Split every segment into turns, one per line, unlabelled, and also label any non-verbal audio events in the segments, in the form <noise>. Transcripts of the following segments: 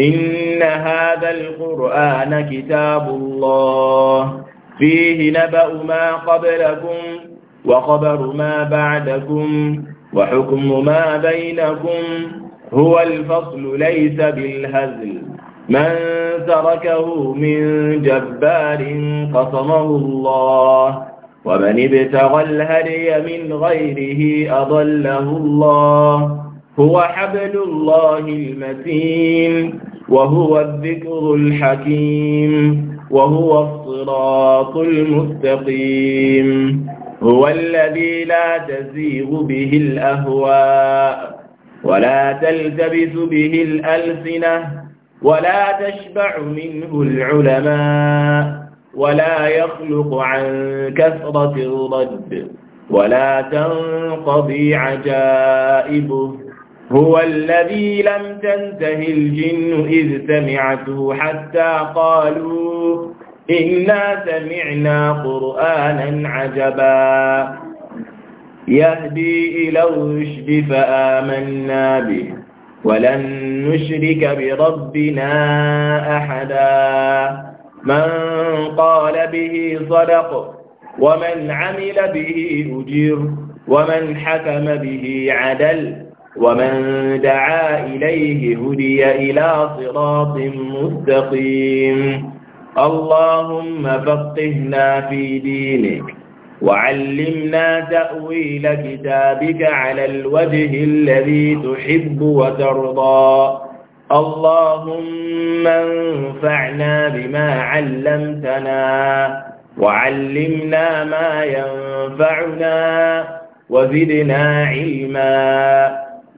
إن هذا القرآن كتاب الله فيه نبأ ما قبلكم وخبر ما بعدكم وحكم ما بينكم هو الفصل ليس بالهزل من تركه من جبار قصمه الله ومن ابتغى الهدي من غيره أضله الله هو حبل الله المتين وهو الذكر الحكيم وهو الصراط المستقيم هو الذي لا تزيغ به الأهواء ولا تلتبس به الألسنة ولا تشبع منه العلماء ولا يخلق عن كثرة الرد ولا تنقضي عجائبه هو الذي لم تنته الجن إذ سمعته حتى قالوا إنا سمعنا قرآنا عجبا يهدي إلى الرشد فآمنا به ولن نشرك بربنا أحدا من قال به صدق ومن عمل به أجر ومن حكم به عدل ومن دعا إليه هدي إلى صراط مستقيم اللهم فقهنا في دينك وعلمنا تأويل كتابك على الوجه الذي تحب وترضى اللهم انفعنا بما علمتنا وعلمنا ما ينفعنا وزدنا علما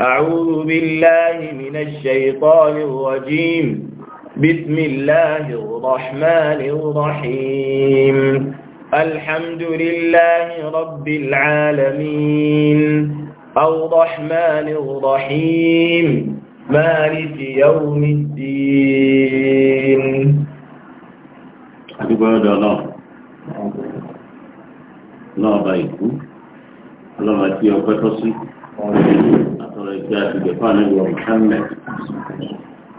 أعوذ بالله من الشيطان الرجيم بسم الله الرحمن الرحيم الحمد لله رب العالمين الرحمن الرحيم مالك يوم الدين عباد الله الله بايكم الله بايكم ọ̀rọ̀ ìgbé àtìgbè fáwọn ìwọ Muhammad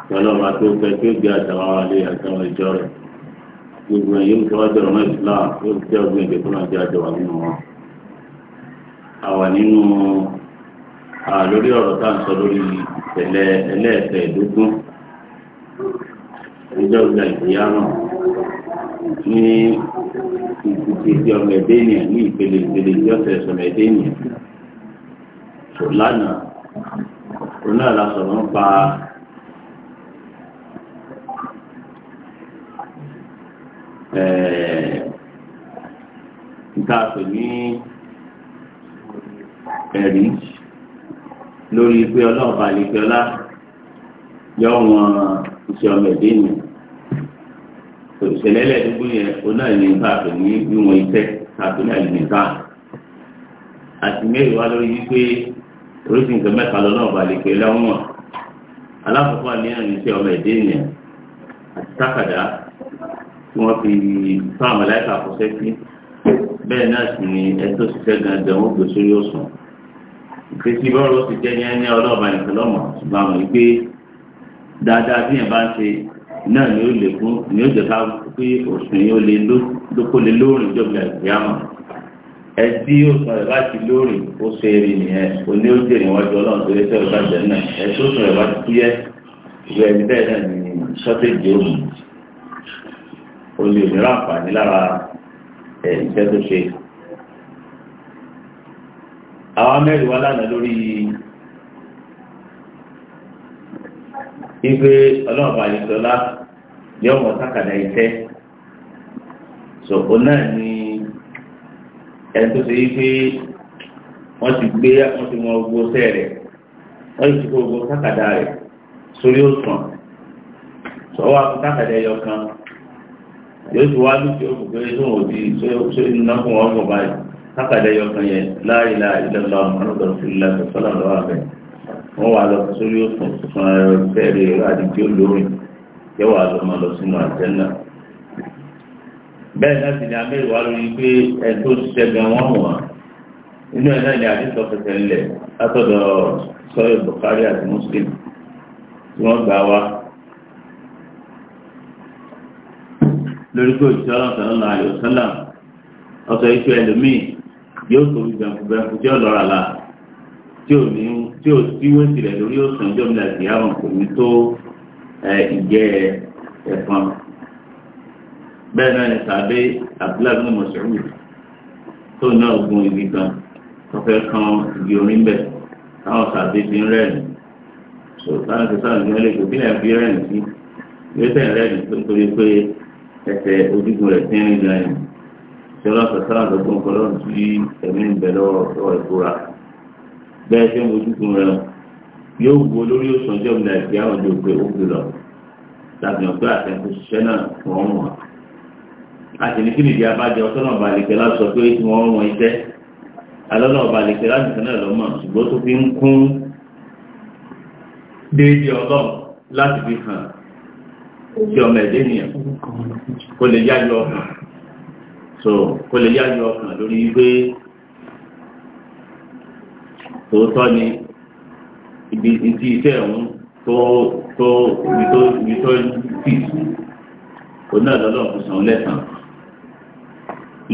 ìjọlọ́wọ́ àti ọgbẹ́ tí ó gbé àtàwọn àlè àtàwọn ìjọ rẹ̀ gbogbo ẹ̀yìn yóò tọ́wọ́ jọ̀rọ̀ mọ́ Islam yóò fi jẹ́ ọgbẹ́ ìgbẹ́ fúnra jẹ́ àjọwà nínú wọn. àwà nínú lórí ọ̀rọ̀ tá à ń sọ lórí ìtẹ̀lẹ̀ ẹlẹ́ẹ̀fẹ̀ ìdógún ìjọ ìgbà ìgbéyà náà ní ìtìtì ọmọ ẹ̀dẹ́ ní ìpele ìpele ìjọ́sẹ̀ ọmọ ẹ̀dẹ́ ènìyàn lánàá òun náà la sọ̀rọ̀ ń pa nta ní ẹ̀rí lórí pé ọlọ́ọ̀bà àlejòọ́lá yọ wọn ọmọ ẹ̀dẹ́ nù òṣèlè lẹ́ẹ̀dógún yẹn òun náà ní nta pè ní iṣẹ́ nta pè ní àlùmíkà àti mẹ́rin wá oríṣi nǹkan mẹ́ta lọ́nà ọ̀bàlẹ̀ pé lẹ́wọ̀n alákọ̀ọ́kọ́ ní ẹ̀rọ ọmọ ẹ̀dẹ́ ènìyàn àti tákàdá tí wọ́n fi fún àmàláìkà àkọsẹ́ sí bẹ́ẹ̀ náà sì ni ẹtọ́ ṣiṣẹ́ gangan ó gbé sórí òsùn ìfèsì bọ́ọ̀lù ti jẹ́ yẹn ní ọlọ́ọ̀bà nìkan lọ́mọ ṣùgbọ́n àwọn wípé dáadáa bí yẹn bá ń ṣe náà ni ó lè fún ni ó jẹ́ ká pé òsùn yìí ó lè lókòlélóòrùn ìjọba ìgbéyàmọ̀ ẹtí òsùn rẹ̀ bá ti lórí ó ṣe eré nìyẹn oní ó jèrè wájú ọlọ́run tó lé sẹ́wọ̀n bá jẹ́ náà ẹtí òsùn rẹ̀ bá ti kúyẹ́ ìwé ẹni bẹ́ẹ̀ náà ní sọ́tẹ́jì òmù o lè ní ráǹfààní lára ẹ̀ tó ṣe. àwa mẹ́rin wá lánàá lórí ife ọlọ́ọ̀bà ìṣọlá yọ̀ọ̀mọ̀ sákàdá iṣẹ́ so òun náà ní. ẹ̀tọ́ sí pé wọ́n ti gbé wọ́n ti wọn ogbó sẹ́ rẹ̀ wọ́n ti kó ogbó sákàdá rẹ̀ sórí òsàn sọ́wọ́ akọ́tàkàdá ẹyọ kan yóò ti wá lùkì òkú pé tó wọ́n ti sórí nínú fún wọn kọ̀ báyìí sákàdá ẹyọ kan yẹn láàyè láàyè lọ́la ọmọdé sọ́lá lọ́wọ́ abẹ́ wọ́n wà lọ sórí ẹ̀rọ àdìgbò lórí lọ́mọ lọ sínú àjẹ́ náà. bẹ́ẹ̀ náà sì a amẹ́rù wa lórí pé ẹ̀tọ́ ṣiṣẹ́ gan wọ́n mọ̀ inú ẹ̀ náà ni àdìsọ fẹsẹ̀ ńlẹ̀ látọ̀dọ̀ sọ́yọ̀ Bukhari àti Muslim tí wọ́n gbà wá lórí pé òṣìṣẹ́ ọlọ́sàn náà náà yóò sọ́nà ọ̀sọ̀ ẹlòmíì yóò tóbi tí ó lọ́ra la tí ò ní tí ò tí wọ́n tirẹ̀ lórí
òsàn
bẹ́ẹ̀ náà ni tàbí abdullahi bin Mas'ud tó náà gun ibi kan tọ́fẹ́ kan ibi orin bẹ̀ táwọn tàbí fi ń rẹ́ẹ̀nì tó táwọn ti sáà ní ọlẹ́kọ̀ọ́ kí lẹ́yìn fi rẹ́ẹ̀nì sí ìgbésẹ̀ rẹ́ẹ̀nì tó ń torí pé ẹsẹ̀ ojúgun rẹ̀ ti ń rìn gan yìí tí ọlọ́sọ̀ sáà lọ́gbọ́n kọlọ́ọ̀nù tí ẹ̀mí ń bẹ̀ lọ́wọ́ ìfura bẹ́ẹ̀ ṣe ń ojúgun rẹ̀ yóò wo lórí òṣùnjọ́ ìgbà ìgbà òjò pé ó gbé lọ tàbí ọ̀gbẹ́ àtẹ̀kùn ṣiṣẹ́ náà fún ọ̀run wọn àti ní kíni ìdí abájọ ọtọ́nà balẹ̀kẹ́ láti sọ pé tí wọ́n wọ́n iṣẹ́ alọ́nà balẹ̀kẹ́ láti sọ náà lọ́mọ ṣùgbọ́n tó fi ń kún déédéé ọlọ́run láti fi hàn sí ọmọ ẹ̀dẹ́ nìyẹn kó lè yáyọ ọkàn so kó lè yáyọ ọkàn lórí wípé tòótọ́ ni ibi tí iṣẹ́ òun tó tó ibi tó ibi tó tì òun náà lọ́lọ́run lẹ́sàn-án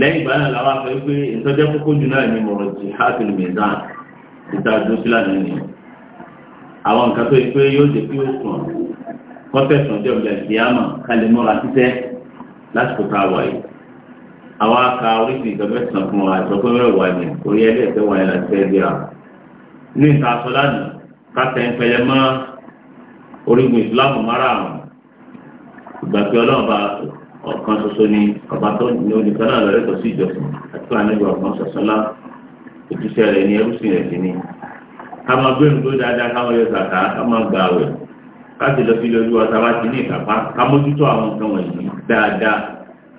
lẹ́yìn ìgbà náà làwọn afẹ́ pé ìtọ́jẹ́ kókó jù náà ní mọ̀rọ̀ jì hàtìlì mẹ́zàn títà dúsílà nínú àwọn nǹkan tó yẹ pé yóò jẹ́ kí ó sùn kọ́tẹ̀sán jẹ́ ọ̀gbìn ìyáàmà kálí mọ́ra títẹ́ lásìkò tá a wà yìí àwọn aka oríṣi ìjọba ẹ̀sán fún wa ìjọba ẹ̀rọ wà ní orí ẹgbẹ́ ẹ̀fẹ́ wà ní láti fẹ́ bí ní ìta aṣọ lánàá káta ń ọ̀kan ṣoṣo ni ọba tó ní oníkan náà lọ́rẹ́tọ̀ sí ìjọsìn àti fún anábìwà kan ṣọṣọlá
ojúṣe rẹ̀ ní ẹrúsìn rẹ̀ sí ni.
ká máa gbé nǹkó dáadáa ká máa yọ sàkà ká máa gba àwẹ̀
ká sì lọ sí ilé olúwa tá a bá ti ní ìkàpá ká mójútó àwọn nǹkan wọ̀nyí dáadáa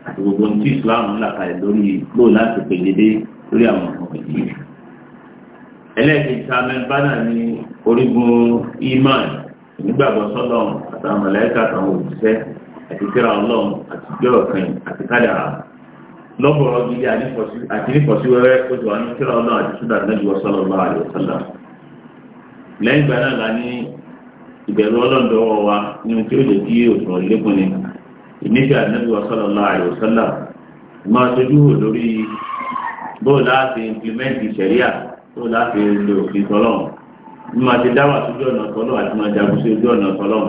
àti gbogbo ohun tí Islam ń là kalẹ̀ lórí gbò láti pèlédé lórí àwọn nǹkan wọ̀nyí. ẹlẹ́ẹ̀kejì ta mẹ́ńbá náà ní orígun iman nígbàgbọ́ sọ́dọ̀ àtàwọn mọ̀lẹ́kà àtàwọn òṣìṣẹ́ àti kíra ọlọ́run àti gbọ́rọ̀ kan àti kádàrà lọ́gbọ̀rọ̀ gidi àti nífọ̀sí wẹ́rẹ́ oṣù wa ní kíra ọlọ́run àti súdà lẹ́yìn wọ́sọ́lọ́ bá àlè ọ̀sọ́lá lẹ́yìn ìgbà náà la ní ìbẹ̀rù ọlọ́run dọ́wọ́ wa ní ohun tí ó lè kí òṣùwọ̀n lékún ni ìnífẹ̀ ànábì wọ́sọ́lọ́ bá àlè ọ̀sọ́lá máa sojú wò lórí bóò láti implimẹ́ǹtì sẹ̀ríà bóò láti lo òfin tọ́lọ́run máa ti dáwà sójú ọ̀nà tọ́lọ́run àti máa jagun sí ojú ọ̀nà tọ́lọ́run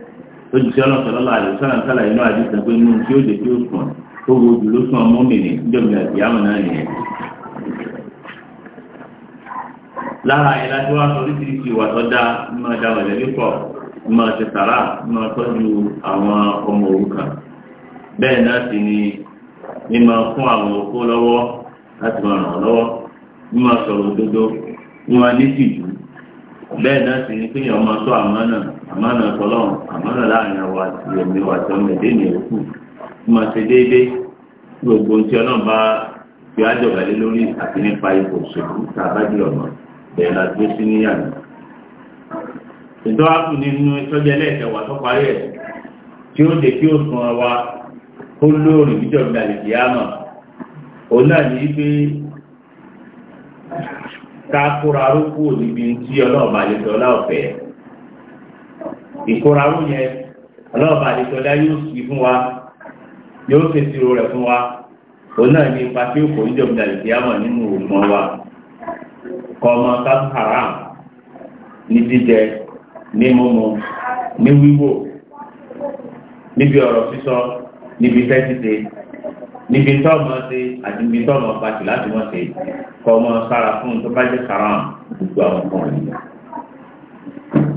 lójú tí ọlọ́run sọ̀rọ̀ lọ́la àyè sọ̀rọ̀ sọ̀rọ̀ inú àdé sọ pé inú tí ó dé tí ó sùn tó wo ojú ló sùn ọmọ mi ní ìjọba ìyáwó náà nìyẹn. lára ẹ̀ láti wá sọ oríṣiríṣi ìwà tó dá máa dá wọlé nípọ̀ máa ṣe sàrà máa tọ́jú àwọn ọmọ òrukàn bẹ́ẹ̀ náà sì ni mímọ fún àwọn òkú lọ́wọ́ láti máa ràn lọ́wọ́ mímọ sọ̀rọ̀ òdodo mímọ ní bẹ́ẹ̀ náà sì ni kéèyàn máa tó àmọ́ náà àmánà tọ́lọ́run àmánà láàrin àwọn àti ẹ̀mí wa tí wọ́n mẹ̀dé ní ẹ̀kú tí máa ṣe déédéé gbogbo tí ọlọ́run bá fi ájọba lé lórí àti nípa ipò òṣèlú tá a bá di ọ̀nà bẹ̀rẹ̀ la gbé sí níyàwó. ìtọ́wá kù nínú ìtọ́jẹ́ lẹ́ẹ̀kẹwà tó parí ẹ̀ tí ó dé kí ó sun wa kó lóòrùn níjọba àlejò àmọ́ òun náà ní pé ká kóra ró kúrò níbi tí ọlọ́ọ̀bà àlejò ọlá ọ̀fẹ́ ìkóraró yẹn ọlọ́ọ̀bà àdìsọ́lá yóò sì fún wa yóò fèsìrò rẹ̀ fún wa òun náà ní ipa tí ó kò ní jọ̀bù dàbí kíámọ̀ nínú òògùn wa kọ́mọ sáfù haram ní jíjẹ ní mímu ní wíwò níbi ọ̀rọ̀ sísọ níbi iṣẹ́ títẹ níbi tọ́mọ ṣe àti níbi tọ́mọ pàṣẹ láti wọ́n ṣe kọ́mọ sára fún tó bá jẹ́ haram gbogbo àwọn ọmọ rẹ̀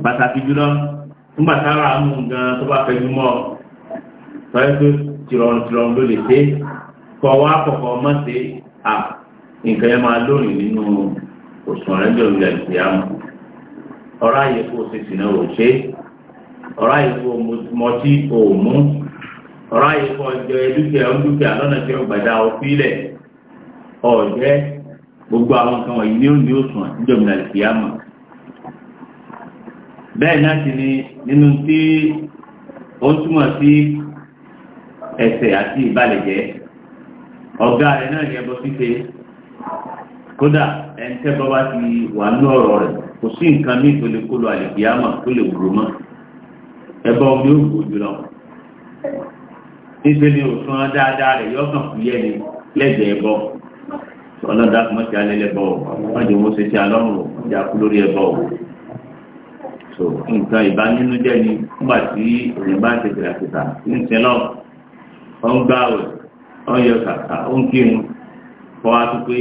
pàtàkì jùlọ nígbàtára mú gan tó bá fẹ́ gbúmọ̀ tọ́yẹ́ tó tìrọ̀rùn tìrọ̀rùn ló lè ṣe kọ́ wá kọ̀kọ́ ọmọ ṣe à nǹkan yẹn máa lónìí nínú òṣùwọ̀n rẹ̀ jọ̀ ìgbà ìgbà àmọ́ ọ̀rọ̀ àyè kó o ṣe sìnà ò ṣe ọ̀rọ̀ àyè kó o mọtí ò mú ọ̀rọ̀ àyè kó o jẹ dúkìá dúkìá lọ́nà tí ó gbàdá ọ sílẹ̀ ọ̀jẹ́ gbogbo àwọn nǹkan wọ̀nyí ní òṣùwọ̀n ìjọba ìgbà àmọ́ bẹ́ẹ̀ náà ni nínú tí ó túmọ̀ sí ẹ̀ṣẹ̀ àti ìbàlẹ̀jẹ́ ọ̀gá rẹ̀ náà yẹ bọ́ síse kódà ẹni bọ́ bá ti wà ní ọ̀rọ̀ rẹ̀ kò sí nǹkan míì tó lè kó tó lè mọ́
ẹbọ omi ó gbòjú
lọ níṣẹ́ ni òsùn dáadáa rẹ̀ yọ kàn fún yẹ́ni so nǹkan ìbánújẹ́ ni nígbà tí èèyàn bá ń ṣe kìlàkìtà ń sin lọ ó ń gbá àwẹ̀ ó ń yọ kàkà ó ń kírun kọ́ wa tó pé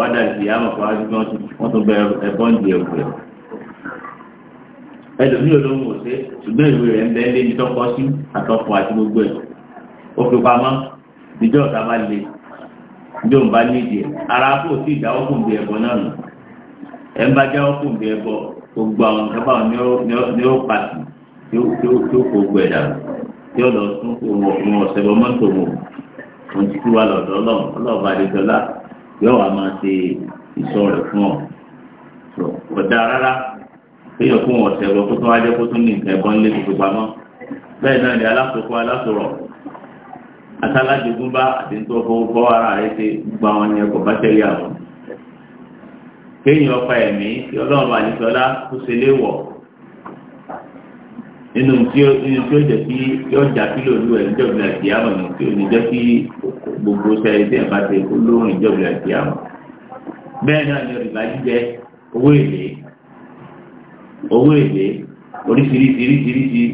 wá dàbí àmọ̀ kọ́ wa tó wọ́n tó bẹ ẹ̀bọ́n di ẹ̀dùn ní olóhùn bá le ìjọ ń bá nídìí ara náà nù ẹ̀ ń bá gbogbo àwọn nǹkan báwọn ní ó pàtì tí ó kó gbogbo ẹ̀dá tí ó lọ sún òun ọ̀sẹ̀ bọ́ mọ́tò wọn òun ti kú wa lọ́dọ̀ ọlọ́run ọlọ́ọ̀bá adéjọlá yóò wá máa ṣe ìsọ rẹ̀ fún ọ. ọ̀dà rárá kéèyàn fún ọ̀sẹ̀ bọ́ kó tó wá kó tó ní nǹkan ẹ̀bọ́n lé tuntun pamọ́ bẹ́ẹ̀ náà ni alákòókò alásòrọ̀ asálájogúnbá àti nítorí fọwọ́ ara rẹ̀ ṣe gbogbo àwọn ẹ̀kọ́ bá tẹ̀lé àwọn kéèyàn ọpa ẹ̀mí tí ọlọ́run àdìsọ́lá tó ṣe léwọ̀ nínú tí ó nínú tí ó jẹ́ kí yóò jà kí lòlú ẹ̀ níjọba ìdí àmọ̀ ní tí ò ní jẹ́ kí gbogbo sẹ́yìn tí ẹ̀ bá ṣe kó lóhùn ìjọba ìdí àmọ̀ bẹ́ẹ̀ náà ni ọ̀dùnmá jíjẹ owó èlé owó èlé oríṣiríṣiríṣiríṣi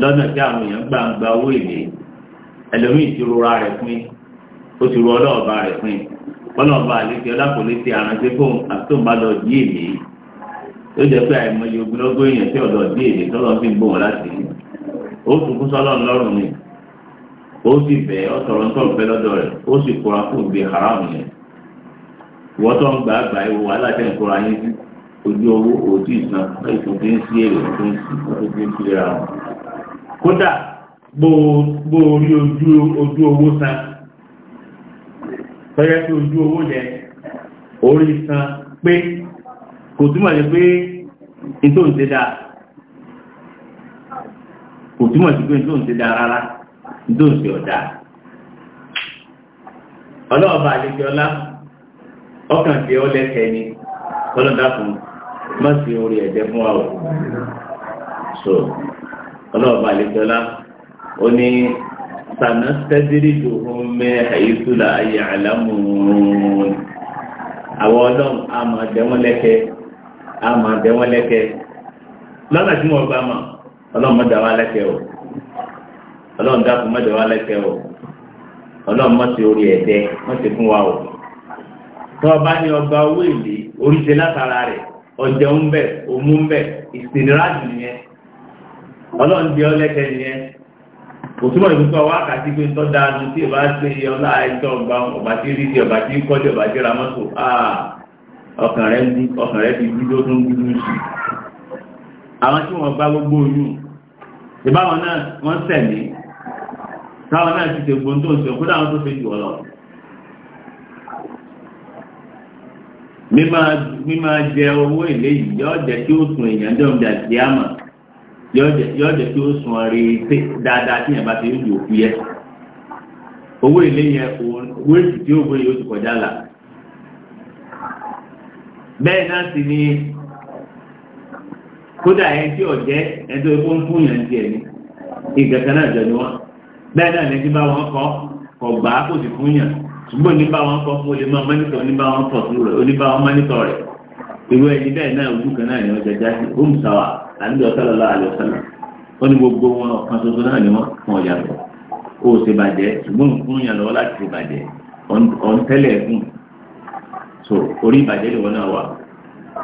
lọ́nà tí àwọn èèyàn gbà ń gba owó èlé
ẹlòmíì ti rora rẹ̀ pin ó ti rọ ọlọ́ọ̀ba rẹ̀ pin
kọlọ́ọ̀bá àlejò ọlákòólé ti àrántí fóun àtúntòǹbá lọ yí èmi ó jẹ́ pé àìmọye ogunlọ́gbọ̀n èèyàn tí ọ̀dọ̀ yí èmi tọ́lọ́ fi ń bò wọn láti rí ó tún kún sọ́lọ́ ńlọ́rùn ni
ó sì bẹ̀ ọ́ sọ̀rọ̀ ńtọ́ ìfẹ́ lọ́dọ̀ rẹ̀ ó sì kóra fún ìgbé haram yẹn
wọ́n tó ń gbà àgbà ìwò wàhálà tẹ̀ ń kóra yín
ojú owó òdì ìsan ìfún fi ń sí èrè tó ń sí tó fi ń sílera
wọn. kódà gbòòrí ojú owó san tọ́jẹ́ tí ojú owó yẹ orí san pé kò túmọ̀ sí pé ètò ìṣe dáa kò túmọ̀ sí pé dáa rárá ètò ìṣe ọ̀dà ọlọ́ọ̀bà àlejò ọlá ọkàn tí ó lẹ́kẹ̀ẹ́ ni orí ẹ̀jẹ̀ fún ọlọ́ọ̀bà àlejò ọlá ní. sanastadrijuhum min haythu la ya'lamun àwọn ọlọ́run a máa dẹ wọ́n lẹ́kẹ́ a máa dẹ wọ́n lẹ́kẹ́ lọ́nà tí wọ́n bá mọ̀ ọlọ́run mọ́ o ọlọ́run mọ́ o ọlọ́run mọ́ ti orí ẹ̀dẹ́ mọ́ ti fún wa o ọba ní ọba owó èlé oríṣi látara rẹ̀ ọjọ́ ń bẹ̀ ń bẹ̀ nìyẹn ọlọ́run di ọlẹ́kẹ́ nìyẹn òtúmọ̀ ìdúpọ̀ wákàtí pé tọ́ da nu tí ìbá ṣe ọlá ẹjọ́ ọba ọba tí rí di ọba tí kọ́jú ọba tí ra mọ́tò ọkàn rẹ̀ ní ọkàn rẹ̀ ti dúdó tó ń dúdú sí àwọn tí wọ́n bá gbogbo oyún ìbáwọn náà wọ́n sẹ̀mí táwọn náà ti ṣe gbogbo tó ń ṣe kó dáwọn tó ṣe jù ọ lọ. mímá jẹ owó èlé yìí yọ jẹ kí ó sùn èèyàn jẹun bí yóò jẹ́ kí ó sun ọ̀rẹ́ dáadáa tí yẹn bá ti rí òkú yẹ owó ilé yẹn owó èsì tí ó gbé yóò ti kọjá là bẹ́ẹ̀ náà sì ni kódà ẹni tí ò jẹ́ ẹni tó kó ń fún yẹn ti ẹ̀ ní nǹkan náà jọ ni wọ́n bẹ́ẹ̀ náà ní ti bá wọn kọ́ kọ̀ gbà kò sì fún yẹn ṣùgbọ́n oníbà wọn kọ́ fún olè máa mọ́nítọ̀ oníbà wọn pọ̀ sí rẹ̀ oníbà wọn mọ́nítọ̀ rẹ̀
ìwé ẹni bẹ́ẹ̀ náà ojú kan náà ni ọjà jáde ó mùsàwà àníbi ọ̀sálọ́lá àlùsálà
ó ní gbogbo wọn ọ̀kan ṣoṣo náà ni wọ́n fún ọjà lọ ó ṣe bàjẹ́ ṣùgbọ́n fún yàn lọ́wọ́ láti ṣe bàjẹ́ ọ̀n tẹ́lẹ̀ fún so orí ìbàjẹ́ lọ́wọ́ náà wà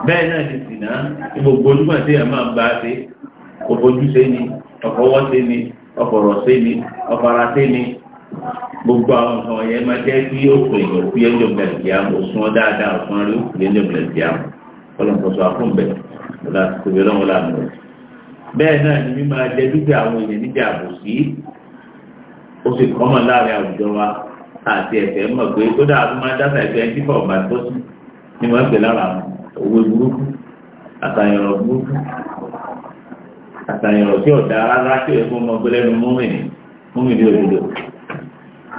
bẹ́ẹ̀ náà ti sì náà ní gbogbo ojúmọ̀ tí a máa bá ṣe òfojúṣe ni ọ̀fọwọ́ ṣe ni ọ̀fọ̀rọ̀ ṣe ni ọ̀fara ṣe ni gbogbo àwọn nǹkan ọ̀yẹ́ máa jẹ́ kí ó pè é òkú yẹn jọ bẹ̀rẹ̀ sí àmọ́ òsùn dáadáa òsùn rí òkú yẹn jọ bẹ̀rẹ̀ sí àmọ́ ọlọ́mọkọ̀sọ àfọ̀nbẹ̀rẹ̀ ọ̀la kòbí ọlọ́run lànà rẹ̀ bẹ́ẹ̀ náà ni mímọ ajẹ́ dúkìá àwọn èèyàn níjà àbòsí ó sì kọ́mọ̀ láàrin àwùjọ wa
àti ẹ̀fẹ̀ mọ̀ pé kódà a máa dáta
ẹ̀fẹ̀ ẹni fọ̀ ọ̀gbà tó sí ni wọ́n pè lára òwe burúkú àtàyànrọ̀ burúkú àtàyànrọ̀ tí ọ̀dà rárá tí ó fún ọmọgbẹ́lẹ́nu múmìnì múmìnì òdodo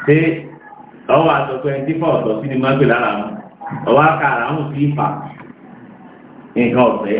ṣé ọwọ́ àtọ̀pẹ́ ẹni fọ̀ ọ̀tọ̀ sí ni wọ́n pè lára wọn ọwọ́ àkàrà àwọn fi fà nǹkan ọ̀fẹ́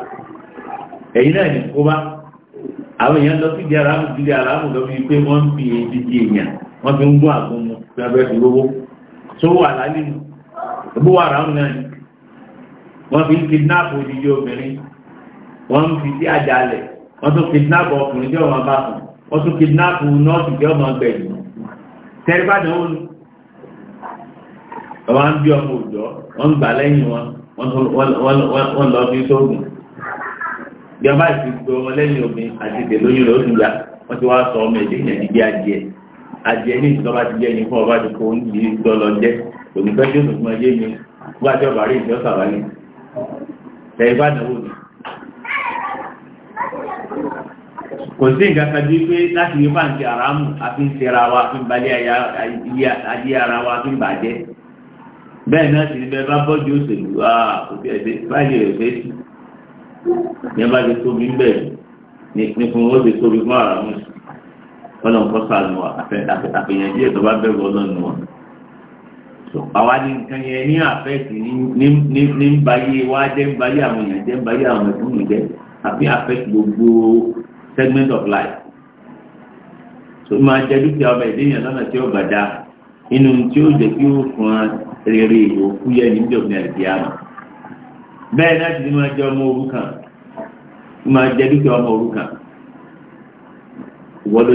ẹ̀yìn na ní kó bá àwọn èèyàn lọ sí di aráàmù sí di aráàmù lọ bí pé wọ́n ń fi di èèyàn wọ́n fi ń gún àgún mu bí tó fi ń kidnap odidi obìnrin wọ́n ń fi sí àjálẹ̀ wọ́n tún kidnap ọkùnrin tí ọmọ bá fún wọ́n tún kidnap nọ́ọ̀sì ọmọ bí a bá ti gbé lẹ́yìn omi àti ìdè lóyún rẹ̀ ó wọ́n sọ ọmọ ẹ̀dẹ́ ìyẹn níbi adìẹ adìẹ ní ìjọba ti jẹ́ ẹni fún ọba ti oúnjẹ ìjọ lọ jẹ́ ònífẹ́ tí ó ẹyẹ mi ẹ̀yìn bá náwó ni. kò sí nǹkan kan bí pé láti rí aráàmù àfi ń wa àfi ń balẹ̀ ayé ara wa àfi ń bàjẹ́ bẹ́ẹ̀ náà sì ni bẹ́ẹ̀ bá bọ́jú òṣèlú ní bá ti tóbi ń bẹ̀ ní fún ó ti tóbi fún ara wọn wọn lọ́n kọ́ sàánù wa àfẹ̀yẹ̀dí ẹ̀ tó bá bẹ̀rù ọlọ́nu wa. àwa ni nǹkan yẹn ní àfẹ́ẹ̀tì ní ń bayé wa jẹ́ ń bayé àwọn èèyàn jẹ́ ń bayé àwọn ẹ̀fún mi jẹ́ àfi àfẹ́ẹ̀tì gbogbo segment of life. tó máa jẹ dúkìá ọba ìdíyàn lọ́nà tí ó gbàdá inú tí ó jẹ́ kí ó fún rere ìwòkú yẹn níbi òfin àdìyàmọ̀. bẹ́ẹ̀ náà ti ní máa jẹ ọmọ òrukàn máa jẹ dúkìá ọmọ òrukàn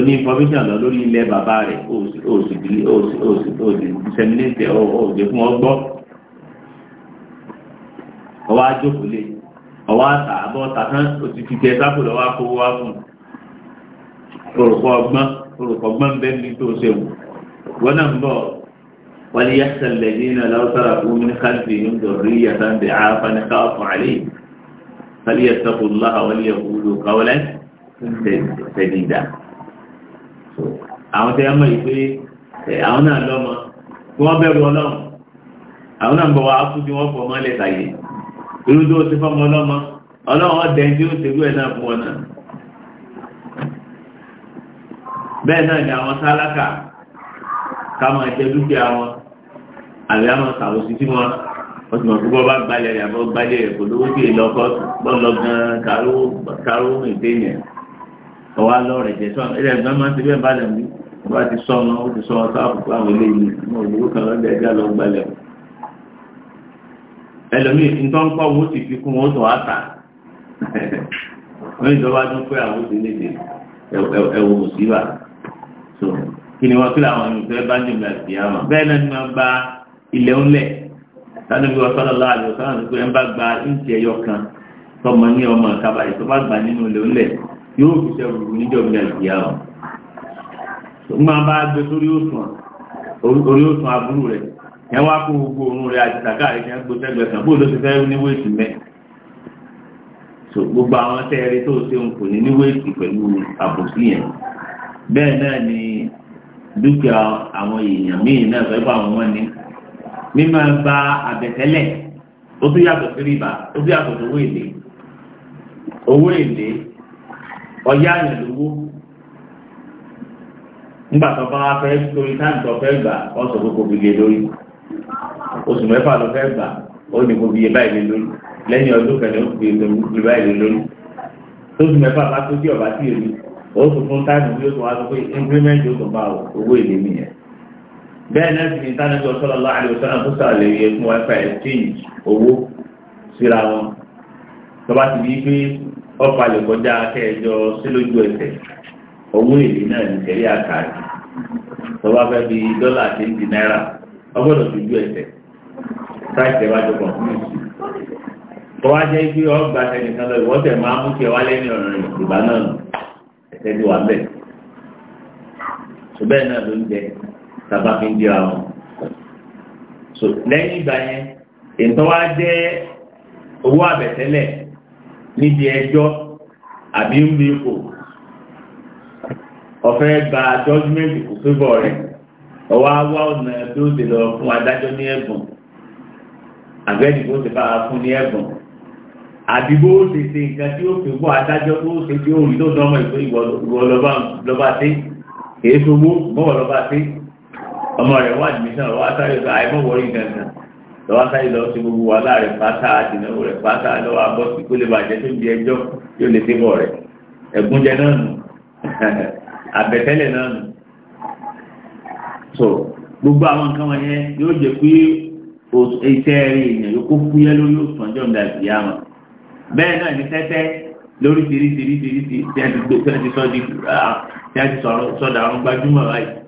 ní information lọ lórí ilẹ̀ bàbá rẹ̀ òsì disseminate òsì fún ọgbọ́ ọwọ́ ajókòólé ọwọ́ àtà àbọ̀ òsì fi tẹ sápò lọ́wọ́ wá fún orúkọ ọgbọ́n orúkọ ọgbọ́n
وليخشى الذين لو تركوا
من خلفهم ذرية ضعافا خافوا عليهم فليتقوا الله وليقولوا قولا سديدا àwọn tẹ́ mọ̀ ìpé àwọn náà lọ́mọ tí wọ́n bẹ̀rù ọlọ́run
àwọn náà bọ̀ wá fún tí wọ́n fọ́ mọ́lẹ̀ tàyè
irú tó ti fọ́mọ ọlọ́mọ ọlọ́run ọdẹ tí ó tẹ̀lú ẹ̀ náà fún ọ náà bẹ́ẹ̀ náà ni àwọn sálákà ká máa jẹ dúkìá wọn àbí àwọn sàwòsí tí wọn wọ́n ti mọ̀ pé bọ́ba gbalẹ̀ rẹ̀ àbọ̀ gbalẹ̀ rẹ̀ kò lówó tí èlò ọkọ̀ bọ́ọ̀lọ́ gan-an káró èdè yẹn ọwọ́ alọ́ rẹ̀ jẹ́ sọ ẹ̀rẹ́ ẹ̀gbọ́n máa ń ti bẹ́ẹ̀ balẹ̀ mú ọba ti sọ wọn ó ti sọ wọn sáà fún àwọn eléyìí wọn ò lówó kan lọ́dẹ̀ ẹ̀dá lọ gbalẹ̀ o. ẹlòmíì nǹkan ń wọn ó sì fi kún wọn ó tọ̀ wá tà wọ́n ìjọba dún pé àwọn ti léde ẹ̀wọ̀ mùsíbà kí ni wọ́n kí làwọn ìfẹ́ bá ní ìgbà ìyá ilẹ̀ ńlẹ̀
lánàbí wa sọ́dọ̀ láàrin ọ̀sán àti pé ẹ gba kan
tọmọ ní ọmọ kábàáyé tó nínú ilẹ̀ ńlẹ̀ yóò fi ṣe rúru níjọba ilẹ̀ ìyá ọ̀ gbé sórí wá kó gbogbo òórùn rẹ̀ àti sàkà rẹ̀ kẹ́ gbó sẹ́gbẹ̀ẹ́ kan ti fẹ́ níwé ìsìn mẹ́ gbogbo àwọn tẹ́ẹ̀rí tó ṣe ń kò ní mímọ gba àbẹ̀tẹ́lẹ̀ ó tún yàtọ̀ sí rìbá ó tún yàtọ̀ sí owó èlé owó èlé ọ̀yá àyàn lówó nígbà tó bá fẹ́ lórí táǹtì tó fẹ́ gbà ó sọ pé kò fi lè lórí oṣù mẹ́fà ló fẹ́ gbà ó ní kò fi yé báyìí lé lórí lẹ́yìn ọdún ó fi báyìí lé lórí mẹ́fà bá tó ọ̀bá fún ó tún wá sọ pé ó tún bá owó èlé nìyẹn. bẹ́ẹ̀ náà sì ní ìtànàbí ọ̀sọ́lọ́lá àríwọ̀sọ́lá tó sàlẹ̀ fún ẹ̀fà exchange owó síra wọn ti náà ní tẹ̀lé àkàrí bá bí dọ́là àti ìdí náírà ọgbọ́dọ̀ lójú ẹsẹ̀ price ẹ̀ bá jọ kàn fún ìsìn tó wá jẹ́ pé ọgbà tẹnìkan lọ ìwọ́tẹ̀ máa mú kí ẹ wá lẹ́yìn ìgbà náà ẹ̀sẹ̀ ti wà ṣùgbẹ́ náà ló ń jẹ tàbá fi ń di ara wọn. so lẹ́yìn ìgbà yẹn ètò wa jẹ́ owó àbẹ̀tẹ́lẹ̀ níbi ẹjọ́ àbí ń bí ipò ọ̀fẹ́ gba jọ́júmẹ́ntì kò fébọ̀ rẹ̀ ọwọ́ awá ọ̀nà bí ó ti lọ fún adájọ́ ní ẹ̀bùn àbẹ́ni bó ti bá a fún ní ẹ̀bùn àbí bó ti ṣe nǹkan tí ó fi bọ́ adájọ́ tó ṣe tí ó rí lọ́dọ̀ ọmọ ìgbọ́ ìwọ lọ́ba sí kèé sowó mọ́wọ́ lọ́ba sí ọmọ rẹ̀ wà níbi náà wá sáré lọ àìmọ̀ wọrí gangan lọ́wọ́ sáré lọ sí gbogbo wàhálà rẹ̀ pátá àdìnáwó rẹ̀ pátá lọ́wọ́ abọ́ sí kó lè bàjẹ́ tó ń di ẹjọ́ yóò lè débọ̀ rẹ̀ ẹ̀gúnjẹ náà nù <laughs> àbẹ̀tẹ́lẹ̀ náà nù. so gbogbo àwọn nǹkan wọn yẹn yóò jẹ́ pé iṣẹ́ rí èèyàn yóò kó fúyẹ́ lórí òtúnjọ́ ń dàbí àmọ́ bẹ́ẹ̀ náà ní tẹ́tẹ́ lórí tìrìtìrìtìrì tí a ti sọ di tí a ti sọ̀rọ̀ sọ̀dà àwọn gbajúmọ̀ báyìí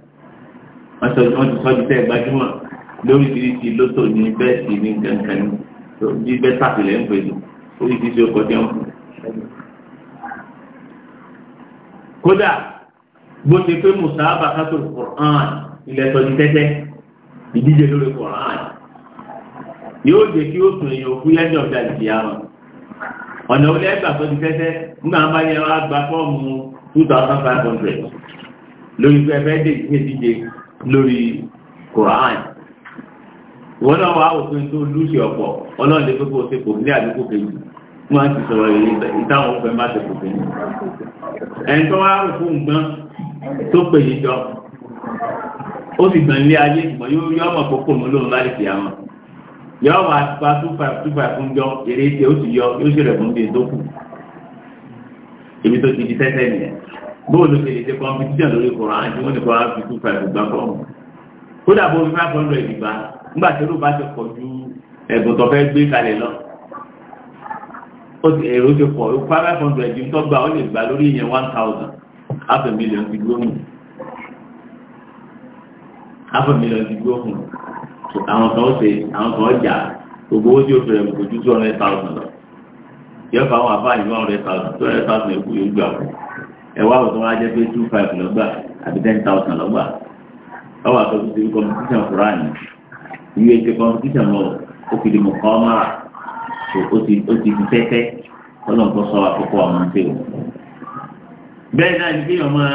wọ́n sọ wọ́n ti sọ́jú tẹ́ gbajúmọ̀ lóríṣiríṣi lótò ní bẹ́ẹ̀sì ní kankan ní bẹ́ẹ̀ sàtìlẹ̀ ń pèlú oríṣiríṣi ọkọ̀ jẹun. kódà bó ṣe pé musaba kátó Qur'an ilẹ̀ sọ́jú tẹ́tẹ́ ìdíje lórí Qur'an yóò jẹ́ kí ó sùn èèyàn òkú lẹ́yìn ọ̀dà ìdíyà wọn ọ̀nà olè ẹgbà tó ti tẹ́tẹ́ nígbà máa yẹ wá gba fọ́ọ̀mù two thousand five hundred lórí fẹ́fẹ́ dé ìdíje lórí Quran wọn náà wà òfin tó lùsì ọ̀pọ̀ ọlọ́run lè fẹ́ kó o ṣe kò ní àdúgbò kejì wọ́n ti sọ̀rọ̀ ìtàwọn ọ̀fẹ́ má ṣe kòfin ní ẹni tó wá rò fún nǹkan tó pè yí jọ ó sì gbọ̀n ilé ayé ìgbọ̀n yóò yọ ọmọ kókò mú lóun láti fi àwọn yọ wà pa two five two five fún jọ eré tí ó sì yọ yóò ṣe rẹ̀ fún bíi tó kù ibi tó ti di tẹ́tẹ́ nìyẹn bóòlù ṣe lè ṣe competition lórí koran tí wọ́n ní kọ́ fi two five gbà fọ́ọ̀mù kódà bó fi five hundred gbà nígbà tí olùbá ti pọ̀ ju ẹ̀bùn tó fẹ́ gbé kalẹ̀ lọ èrò ti pọ̀ five hundred ní tó gbà ó lè gbà lórí ìyẹn one thousand half a million ti gbóhùn half a million ti gbóhùn àwọn kan ó ṣe àwọn kan ó jà gbogbo owó tí ó fẹ́rẹ̀ kò ju two hundred thousand lọ yọ̀ọ́ fún àwọn àbáyé one hundred thousand two hundred thousand yóò gbà ẹ wá òtún jẹ́ pé two five lọ́gbà àbí ten thousand lọ́gbà ọwọ́ àtọ́jú ti competition Quran ìwé ti competition lọ ó fi di mọ̀kọ́ mọ́ra ó ti di tẹ́tẹ́ ọlọ́run tó sọ àkókò àwọn ṣe o. bẹ́ẹ̀ náà ni, kí yọ̀ máa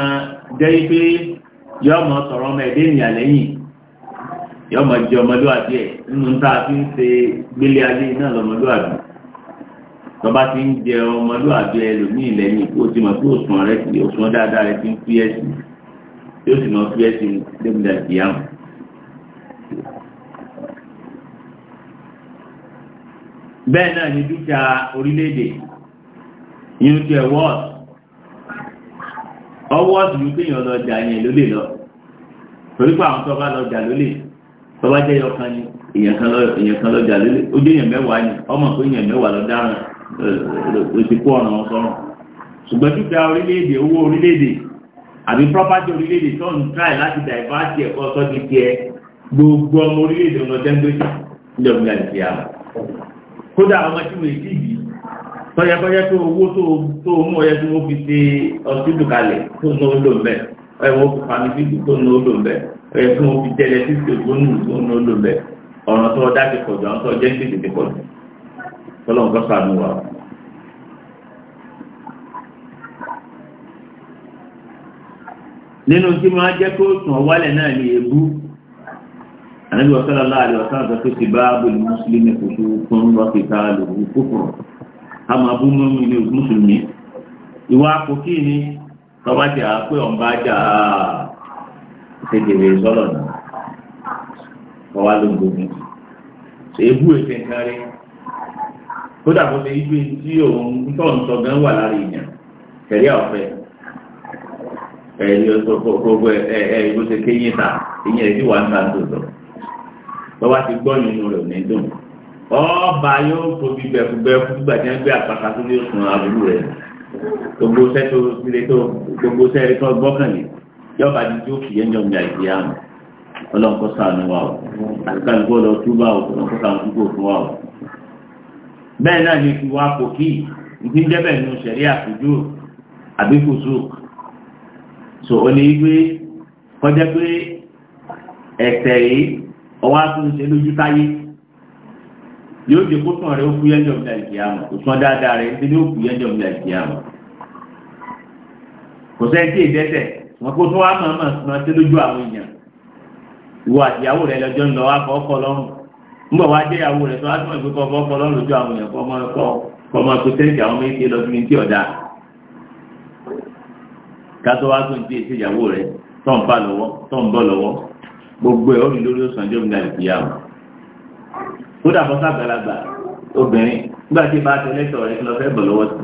jẹ́ pé yọ̀ máa sọ̀rọ̀ ọmọ ẹ̀dẹ́ ìyà lẹ́yìn
yọ̀ máa jẹ́ ọmọlúwàbí ẹ̀ nínú tá fi ń ṣe gbélé ayé náà lọ́mọlúwàbí.
tọba ti ń jẹ ọmọlúwàbí ẹlòmíì lẹ́yìn kó o ti mọ̀ pé òṣùwọ̀n rẹ ti òṣùwọ̀n dáadáa rẹ ti ń fi ẹ̀sìn yóò sì fi bẹ́ẹ̀ náà ni dúkìá orílẹ̀-èdè ní kéèyàn lọ jà yẹn ló lè lọ torí tó lọ jà ni èèyàn kan lọ jà ó èèyàn mẹ́wàá ìsìnkú ọ̀nà ọ̀sọ́nà ṣùgbọ́n dúkìá orílẹ̀-èdè owó orílẹ̀-èdè àbí property orílẹ̀-èdè tó ń try láti divert ẹ̀kọ́ ọ̀sọ́ ti tiẹ̀ gbogbo ọmọ orílẹ̀-èdè ọmọ tẹ́ńgbẹ́sì ní ọ̀gbìn àti ìyá kódà ọmọ tí mo ti yìí tọ́jẹ́kọ́jẹ́ tó owó tó mú ọyẹ́ tí wọ́n fi ṣe ọsídù kalẹ̀ tó ná ó lò ń bẹ̀ ọyẹ́ wọ́n fi fami fíìdù tó ná ó lò ń bẹ̀ ọyẹ́ tí wọ́n fi tẹ́lẹ̀ fíìdù tó ná ó ń bẹ̀ ọ̀ràn tó ọdá ti pọ̀jù àwọn tó ọjẹ́ ń tètè pọ̀jù tọ́lọ́n kọ́ sànú wa. nínú tí máa jẹ́ kó tún ọ̀wálẹ̀ náà ní ebú ànábi sallallahu alaihi wasallam sọ pé ti bá abúlé mùsùlùmí kò tó kún lọ́kì ká lòwú kókòrò a máa bú mọ́mú ní mùsùlùmí ìwà àpòkí ni tọ́ba jà pé ọ̀nba jà á tètèrè sọ́lọ̀ náà ọ̀wá ló ń gbógun ṣe ètè nǹkan rẹ̀ kódà bó ṣe yíjú tí òun tó ń sọ gan wà lára èèyàn kẹ̀rí ọ̀fẹ́ ẹ̀rí ọ̀sọ̀kọ̀ọ̀kọ̀ ẹ̀ bó ṣe kéyìn ta ìyẹn rẹ̀ sì wà ń ta tòótọ́ lọ́wọ́ ti gbọ́ nínú rẹ̀ ní dùn ọba yóò tóbi gbẹ̀fúgbẹ̀fú gbà tí wọ́n gbé àpáta tó lè sun àbúrò rẹ̀ gbogbo sẹ́ tó sílé tó gbogbo sẹ́ rí tó gbọ́kànlé yọba di tó kìí ẹ̀yọ́ mi àìsí àmì ọlọ́nkọ́sánú wa o àti kálukọ́ lọ túbà o ọlọ́nkọ́sánú túbò fún wa o bẹ́ẹ̀ náà ni ìwà pòkì ìdí jẹ́bẹ̀ nù sẹ̀rí àpòjú àbíkùsù so ó ní wípé kọjá pé ẹ̀sẹ̀ yìí ọwọ́ àtúnṣe lójú táyé yóò jẹ kó tán rẹ ó kú yẹn jọ mílíọ̀nù kìámù kò tán dáadáa rẹ ní ó kú yẹn jọ mílíọ̀nù kìámù kò sẹ́ni tí ìdẹ́sẹ̀ wọn kó tán wá mọ̀ọ́mọ̀ sí lójú àwọn èèyàn ìwọ àtìyàwó rẹ lọ́jọ́ ń wá kọ́ ọkọ lọ́rùn ńgbọ̀ wá jẹ́ ìyàwó rẹ̀ tó wá túmọ̀ pé kọ́ ọmọ ọkọ lọ́rùn ojú àwọn èèyàn kọ́ ọmọ ẹ̀kọ́ kọ́ ọmọ ẹ̀kọ́ tẹ́ǹtì àwọn méjì lọ síbi tí ọ̀dà kátó wá tó ń tí èsì ìyàwó rẹ̀ tó ń bá lọ́wọ́ tó ń bọ́ lọ́wọ́ gbogbo ẹ̀ orí lórí oṣù ọjọ́ ìgbà ìfìyà wọn. ó dàbọ̀ sàgbàlagbà obìnrin nígbà tí bá tẹ lẹ́tọ̀ rẹ̀ lọ fẹ́ bọ̀ lọ́wọ́ sí.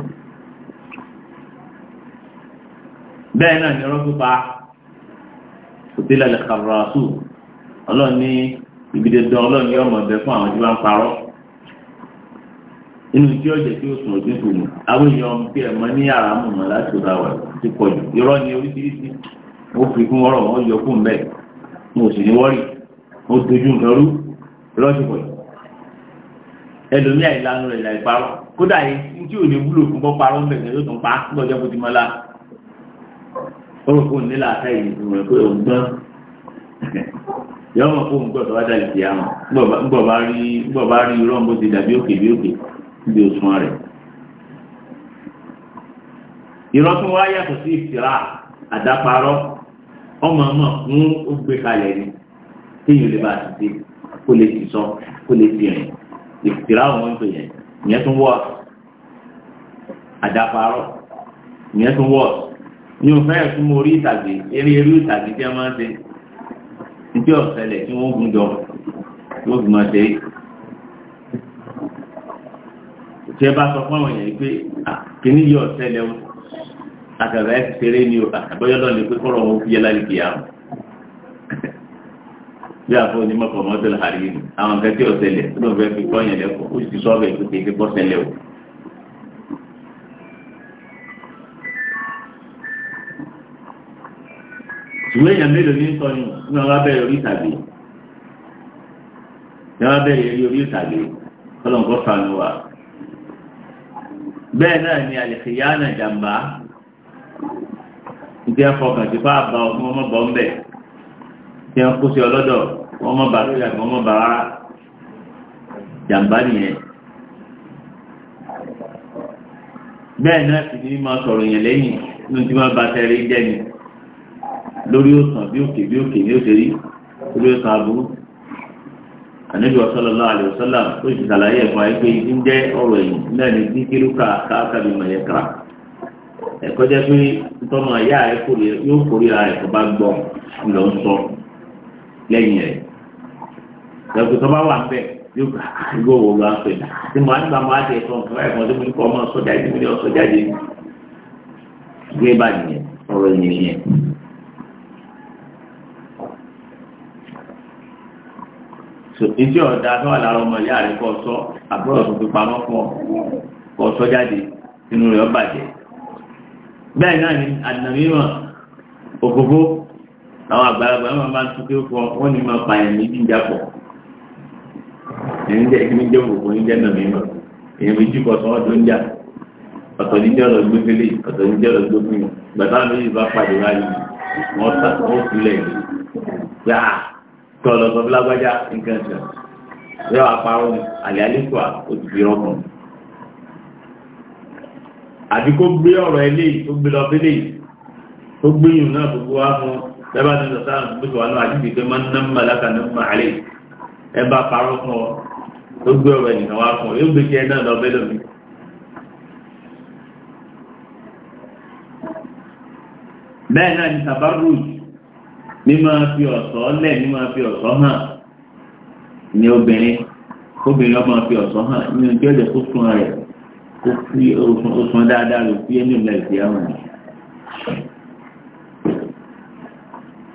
bẹ́ẹ̀ náà ni ọlọ́ ibi dandan ọlọ́run yóò mọ̀ bẹ́ẹ̀ fún àwọn tí wọ́n ń parọ́ inú tí ọjà tí ó sùn ojú kù ní àwọn èèyàn bí ẹ̀mọ́ ní yàrá mọ̀ mọ́ láti ra wà ti pọ̀ jù irọ́ ni oríṣiríṣi ó fi kún ọ̀rọ̀ wọn yọ kún bẹ́ẹ̀ mo sì ní wọ́rì ó dojú nǹkan rú lọ́sùn pọ̀ jù ẹlòmí àìlànà rẹ̀ là ìparọ́ kódà yìí tí ò ní wúlò fún bọ́ parọ́ bẹ̀rẹ̀ ló tún pa lọ́jọ́ bó ti mọ́ la ó rò fún nílà yọọ mọ fóun gbọ́dọ̀ wá dàlẹ tìyà mọ gbọba rí gbọba rí irọ́ ń bó ti dàbí òkè bí òkè níbi òṣùwọ̀n rẹ̀. irọ́ tó wá yàtọ̀ sí ìfìrà àdáparọ́ ọmọ ọmọ fún ògbé kalẹ̀ ni téèyàn lè bá ti dé kó lè ti sọ kó lè ti rìn ìfìrà àwọn ń pè yẹn ìyẹn tún wọ́ àdáparọ́ ìyẹn tún wọ́ ní òfẹ́ ẹ̀sùn mo rí ìtàgé eré eré ìtàgé tí a máa ń ṣe níjọ́ ọ̀sẹ̀lẹ̀ tí wọ́n gùn jọ yóò fi máa ṣe é tí ẹ bá sọ fún àwọn èèyàn pé kíní yọ ọ̀sẹ̀lẹ̀ o àgàgà ẹ̀ ti ṣeré ni o àbọ̀yọ́ ni pé kọ́rọ̀ wọn fi yẹ láti bí a fọ ní mọ̀kànmọ́tò làárí àwọn akẹ́kẹ́ ọ̀sẹ̀lẹ̀ tó lọ́ọ́ fẹ́ fi kọ́ yẹn lẹ́kọ̀ọ́ ó sì sọ ọ́ bẹ́ẹ̀ pé kéèké o. ìwé èèyàn mélòó ní sọ ni ní wọn bá bẹ̀rẹ̀ orí ìtàgé ní wọn bá bẹ̀rẹ̀ orí ìtàgé kọlọǹkọ sànù bẹ́ẹ̀ náà ni àlèkèyà náà jàmbá ìdí afọkàn ti fà bá ọmọ ọmọ bọ̀ ńbẹ tí wọn kó sí ọlọ́dọ̀ wọn mọ bàrú yàgbé wọn mọ bàrá jàmbá nìyẹn bẹ́ẹ̀ náà sì ni máa sọ̀rọ̀ yẹn lẹ́yìn ní ti máa bàtẹ́rẹ́ jẹ́ ni lórí òsàn bí òkè bí òkè ní òṣèré lórí òsàn aburú ànábì sallallahu alaihi wasallam tó ti sàlàyé ẹ̀fọn ayé pé ibi ń jẹ́ ọ̀rọ̀ ẹ̀yìn náà ní díkírú káàkiri mọ̀ yẹn kra ẹ̀kọ́ jẹ́ pé tọ́mọ ìyá rẹ̀ yóò kórìíra ẹ̀kọ́ bá gbọ́ ńlọ ń sọ lẹ́yìn rẹ̀ ẹ̀kọ́ tó bá wà ń bẹ̀ yóò gbà yóò ah, wò wá pé àti mọ̀ àti màmá àti ẹ̀kọ́ nǹkan báyìí tó mú kọ́ ọmọ sọ́jà ìdílé ọ̀sọ́jà jẹ́ gbé bá nìyẹn ọ̀rọ̀ ìyẹn so ọ̀dà tó wà lára ọmọ ìyá rẹ̀ kọ́ sọ àbúrò tó pamọ́ fún ọ sọ jáde inú rẹ̀ bàjẹ́ bẹ́ẹ̀ náà ni àdìnàmíràn ògógó àwọn àgbàlagbà wọn máa ń fún wọn ni máa pọ̀ jẹ́ jẹ́ jẹ́ méjì kọ́ sọ ọdún ń jà ọ̀tọ̀ níjẹ́ ọ̀rọ̀ ọ̀tọ̀ níjẹ́ ọ̀rọ̀ bá tọ́lọ̀ sọ fún lágbájá nǹkan ṣe yọ àparọ́ àlẹ́ àlékò òtùbí rọ́kàn. àbí kó gbé ọ̀rọ̀ eléyìí tó gbé lọ fẹ́lẹ̀ yìí tó gbé yìí náà gbogbo wá fún lẹ́bàá tó ń sọ sáà gbèsè wà náà àdìgbì pé máa ń ná mbà lákà ní mbà àlẹ́ ẹ bá parọ́ fún ọ tó gbé ọ̀rọ̀ ẹ̀yìn wá fún ọ yóò gbé kí ẹ náà lọ bẹ́ẹ̀ lómi. bẹ́ẹ̀ náà ni sàbárùjì mímọ́ fi ọ̀ṣọ́ lẹ̀ mímọ́ fi ọ̀ṣọ́ hàn ní obìnrin obìnrin ọmọ fi ọ̀ṣọ́ hàn ní ojú ọ̀dẹ̀ kó sún rẹ̀ kó fi oṣùn dáadáa lò fi ẹni ìlẹ̀ ìdí àwọn ẹ̀.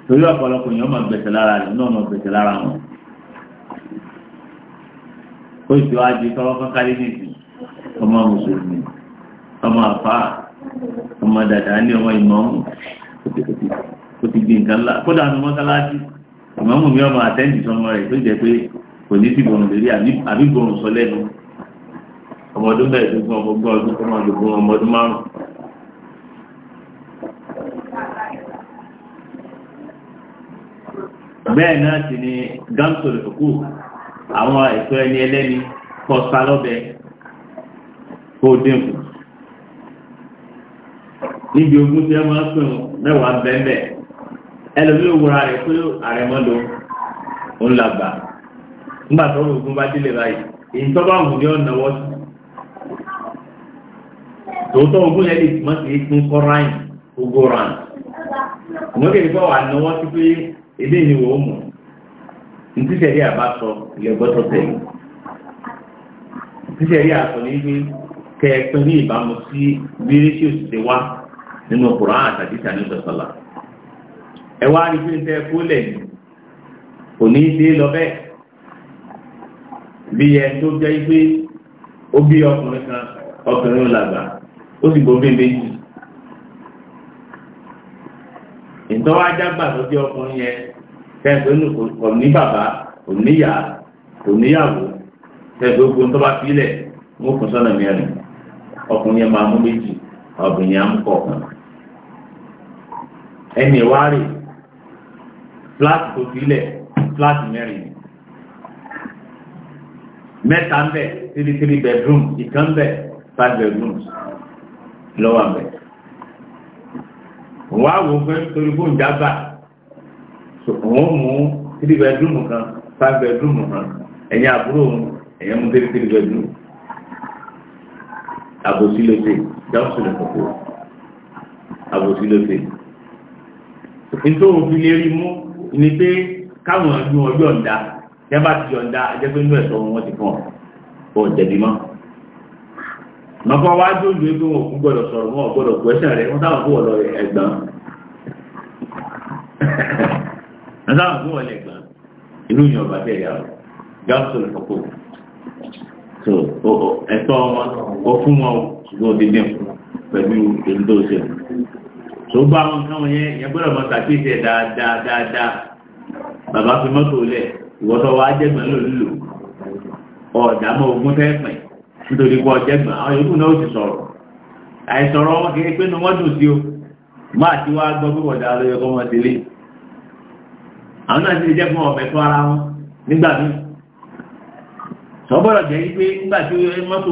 torí ọ̀pọ̀lọpọ̀ èèyàn máa gbẹ̀sẹ̀ lára rẹ̀ náà máa gbẹ̀sẹ̀ lára wọn. ó sì wá di tọwọ́ kankan nìsín ọmọ mùsùlùmí ọmọ àfáà ọmọ dàdá ní ọmọ ìmọ̀ọ́mù ó ti gbé nǹkan ńlá kódà ní mọ́sálásí ìmọ̀mù mi ọmọ àtẹ́ǹtì sọmọ rẹ̀ tó jẹ́ pé kò ní sí gbọ̀rùn lórí àbí gbọ̀rùn sọ lẹ́nu ọmọ ọdún bẹ́ẹ̀ tó gbọ́n gbogbo ọdún tó máa dògbò ọmọ ọdún márùn. bẹ́ẹ̀ náà sì ni gámsọ̀ lè kú àwọn ẹ̀tọ́ ẹni ẹlẹ́ni kọ́ sálọ́bẹ kó dínkù níbi ogún tí wọ́n máa ń pè wọ́n mẹ́wàá bẹ́ẹ̀ bẹ́ẹ̀. ẹlòmí òwúra rẹ̀ pé àrẹ̀mọ́ ló ń làgbà nígbà tó rògùn bá délé báyìí èyí tó bá wù ní ọ̀nà wọ́sí tòótọ́ ogún yẹn lè mọ́ sí pín kọ́ráìn ogó ràn sí pé ilé ni wò ó mọ̀ àbá sọ àsọ ní ní ìbámu sí bí ẹwà àrífíìsẹ́ kólẹ̀ kò ní ṣe lọ bí ẹ tó jẹ́ pé ó bí ọkùnrin kan ọkùnrin làgbà ó sì gbóbi méjì ìtọ́wájágbà tó jẹ́ ọkùnrin yẹn tẹ́gbẹ́nu kò ní bàbá kò níyà kò níyàwó ogun tó bá sílẹ̀ wọ́n kún sọ́nà ọkùnrin yẹn máa mú méjì ọ̀gbìn yẹn á fúláàtì tó sílẹ̀ fúláàtì mẹ́rin mẹ́ta ń bẹ̀ three three bedroom ìkan bẹ̀ five bedrooms lọ́wọ́ àbẹ̀ wọ́n á wò pé torí fóun jágbà wọ́n mú three bedroom kan five bedroom kan ẹ̀yìn àbúrò ẹ̀yìn mú three three bedroom àbòsí ló ṣe jáwùsù lè kọ̀kọ́ àbòsí ló ṣe nítorí òfin lè rí mú ni pé káwọn ọdún ọjọ́ ọ̀dà tẹ́ bá ti yọ̀ǹda ajẹ́ pé inú ẹ̀sọ́ wọn ti fún ọ jẹ̀bi mọ́ mọ̀kọ́ wá dóòlù pé wọn kò gbọ́dọ̀ sọ̀rọ̀ wọn gbọ́dọ̀ kú ẹsẹ̀ rẹ̀ wọ́n táwọn fún ọ̀lọ́ ẹ̀gbọ́n wọ́n táwọn fún ọ̀lọ́ ẹ̀gbọ́n inú yàn bàtẹ́ ìyá rẹ̀ gáàsù rẹ̀ fọ́kọ́ ẹ̀tọ́ wọn ó fún wọn ṣùgbọ́n ó ti dín pẹ̀lú èdè tó tó bá wọn káwọn yẹn yẹn gbọ́dọ̀ mọ sàkíyèsí ẹ̀ dáadáa dáadáa
bàbá fi mọ́tò lẹ̀ ìwọ́tọ̀ wa jẹ́gbọ̀n lò lílò ọ̀dàmọ́ ogun tẹ́pẹ̀
nítorí pọ̀ jẹ́gbọ̀n àwọn náà ó ti sọ̀rọ̀ àìsọ̀rọ̀ kìí pé wọ́n dùn sí o ti wá gbọ́ wọn délé àwọn náà ti jẹ́ fún ọ̀mẹ́ tó ara wọn nígbà jẹ́ wípé nígbà tí mọ́tò